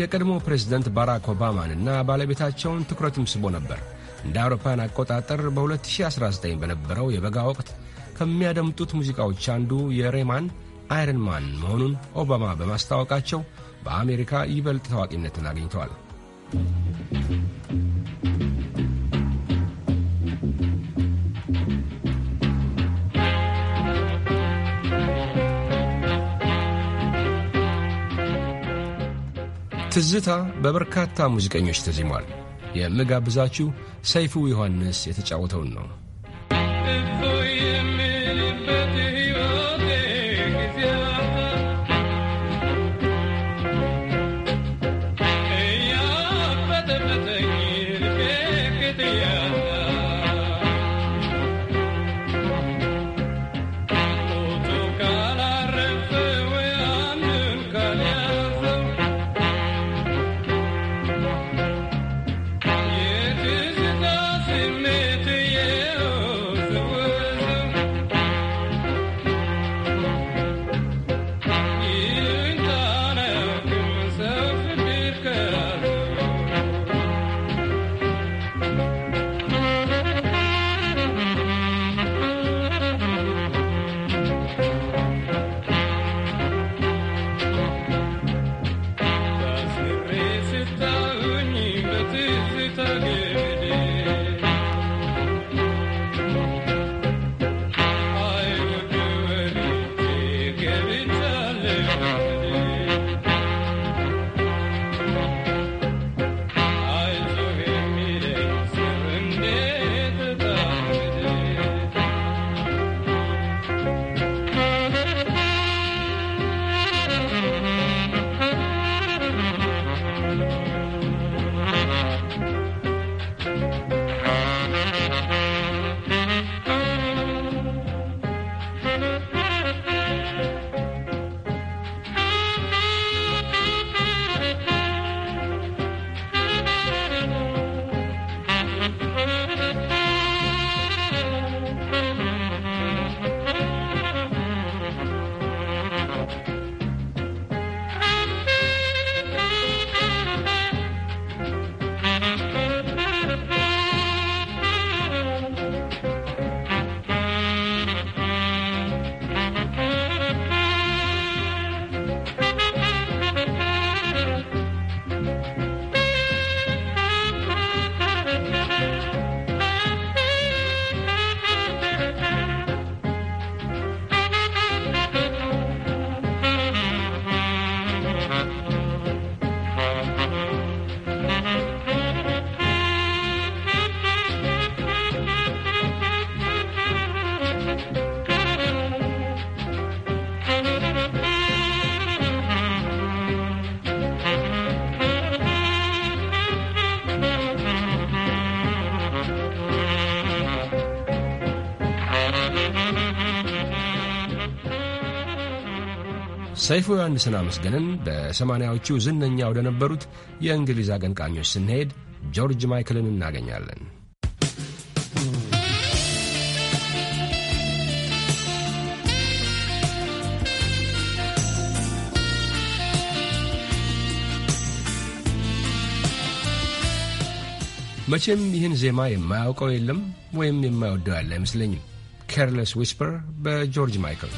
የቀድሞ ፕሬዝደንት ባራክ ኦባማንና ባለቤታቸውን ትኩረትም ስቦ ነበር። እንደ አውሮፓን አቆጣጠር በ2019 በነበረው የበጋ ወቅት ከሚያደምጡት ሙዚቃዎች አንዱ የሬማን አይረን ማን መሆኑን ኦባማ በማስታወቃቸው በአሜሪካ ይበልጥ ታዋቂነትን አግኝተዋል። ትዝታ በበርካታ ሙዚቀኞች ተዚሟል። የምጋብዛችሁ ሰይፉ ዮሐንስ የተጫወተውን ነው። ሰይፉ ዮሐንስን አመስገንን በሰማንያዎቹ ዝነኛ ወደ ነበሩት የእንግሊዝ አቀንቃኞች ስንሄድ ጆርጅ ማይክልን እናገኛለን። መቼም ይህን ዜማ የማያውቀው የለም ወይም የማይወደው ያለ አይመስለኝም። ኬርለስ ዊስፐር በጆርጅ ማይክል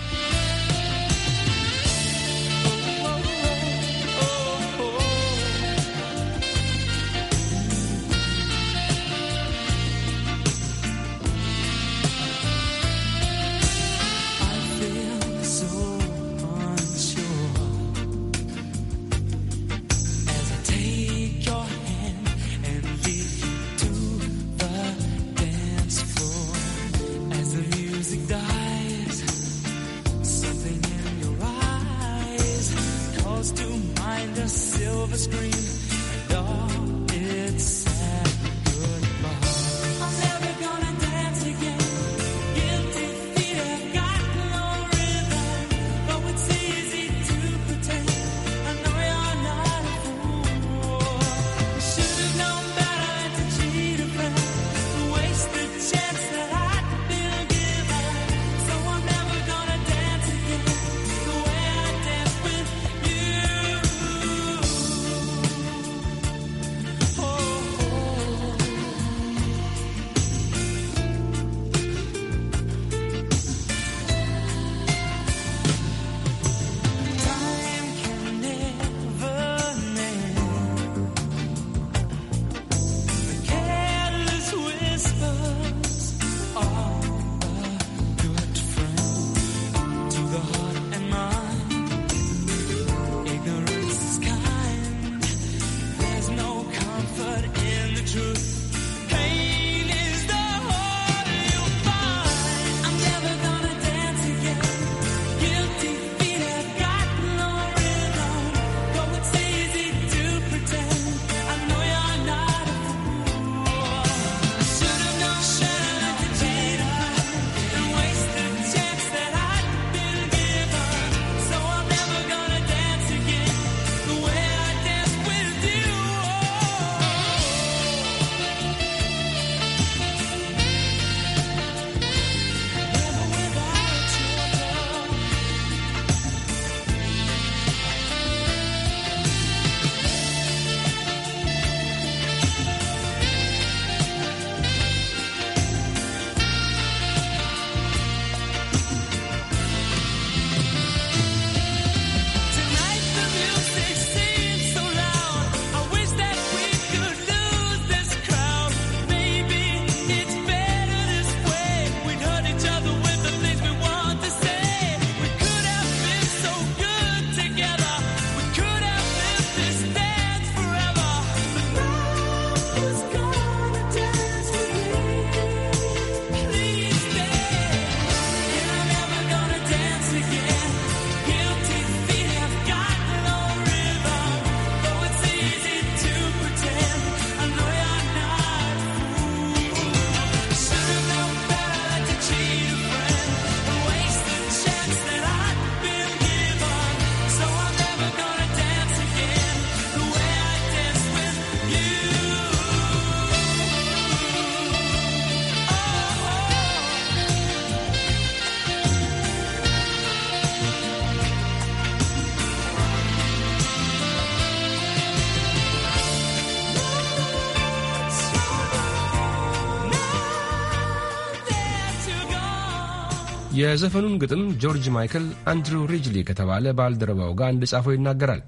የዘፈኑን ግጥም ጆርጅ ማይክል አንድሪው ሪጅሊ ከተባለ ባልደረባው ጋር እንደጻፈው ይናገራል።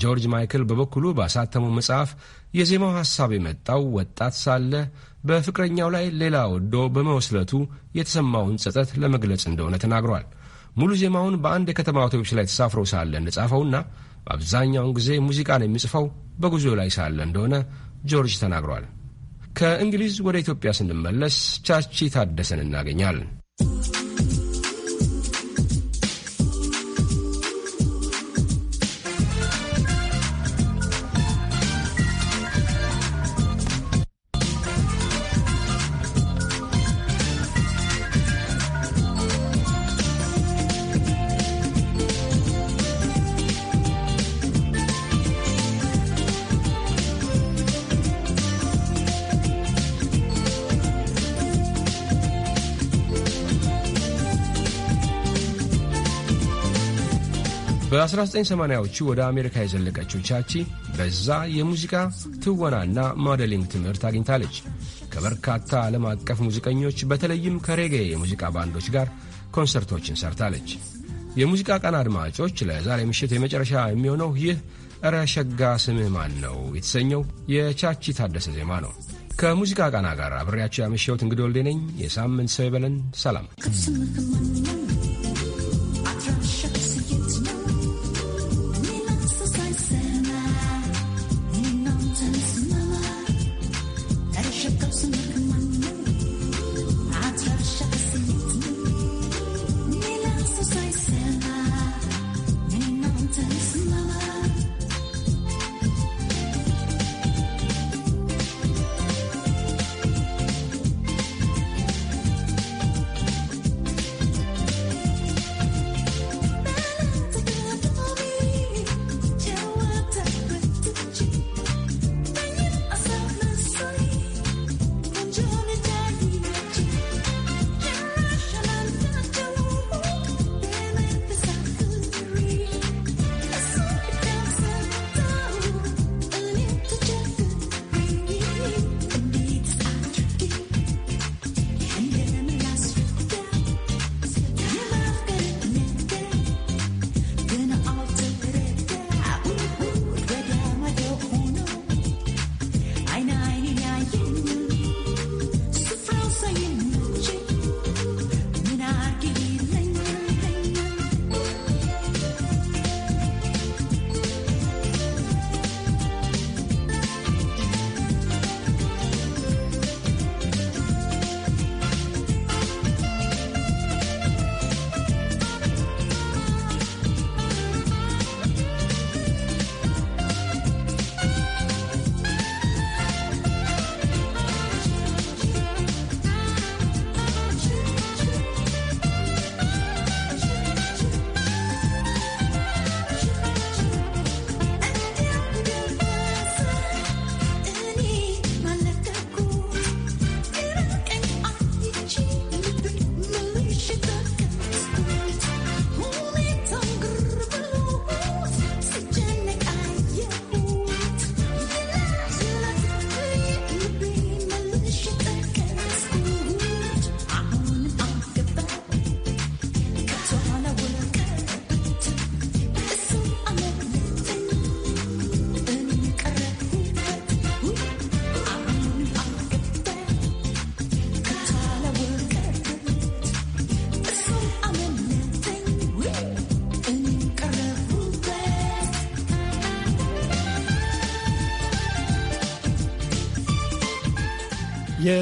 ጆርጅ ማይክል በበኩሉ ባሳተመው መጽሐፍ የዜማው ሐሳብ የመጣው ወጣት ሳለ በፍቅረኛው ላይ ሌላ ወዶ በመወስለቱ የተሰማውን ጸጸት ለመግለጽ እንደሆነ ተናግሯል። ሙሉ ዜማውን በአንድ የከተማ አውቶቡስ ላይ ተሳፍሮ ሳለ እንደጻፈውና በአብዛኛውን ጊዜ ሙዚቃን የሚጽፈው በጉዞ ላይ ሳለ እንደሆነ ጆርጅ ተናግሯል። ከእንግሊዝ ወደ ኢትዮጵያ ስንመለስ ቻቺ ታደሰን እናገኛለን። በ1980ዎቹ ወደ አሜሪካ የዘለቀችው ቻቺ በዛ የሙዚቃ ትወናና ሞዴሊንግ ትምህርት አግኝታለች። ከበርካታ ዓለም አቀፍ ሙዚቀኞች በተለይም ከሬጌ የሙዚቃ ባንዶች ጋር ኮንሰርቶችን ሰርታለች። የሙዚቃ ቀን አድማጮች፣ ለዛሬ ምሽት የመጨረሻ የሚሆነው ይህ እረ ሸጋ ስምህ ማን ነው የተሰኘው የቻቺ ታደሰ ዜማ ነው። ከሙዚቃ ቃና ጋር አብሬያቸው ያመሸሁት እንግዲህ ወልዴ ነኝ። የሳምንት ሰው ይበለን። ሰላም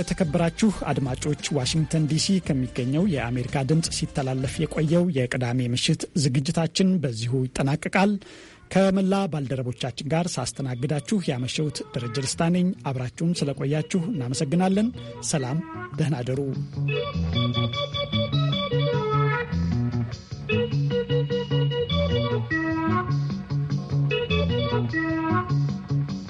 የተከበራችሁ አድማጮች ዋሽንግተን ዲሲ ከሚገኘው የአሜሪካ ድምፅ ሲተላለፍ የቆየው የቅዳሜ ምሽት ዝግጅታችን በዚሁ ይጠናቀቃል። ከመላ ባልደረቦቻችን ጋር ሳስተናግዳችሁ ያመሸሁት ደረጀ ደስታ ነኝ። አብራችሁን ስለቆያችሁ እናመሰግናለን። ሰላም፣ ደህና ደሩ።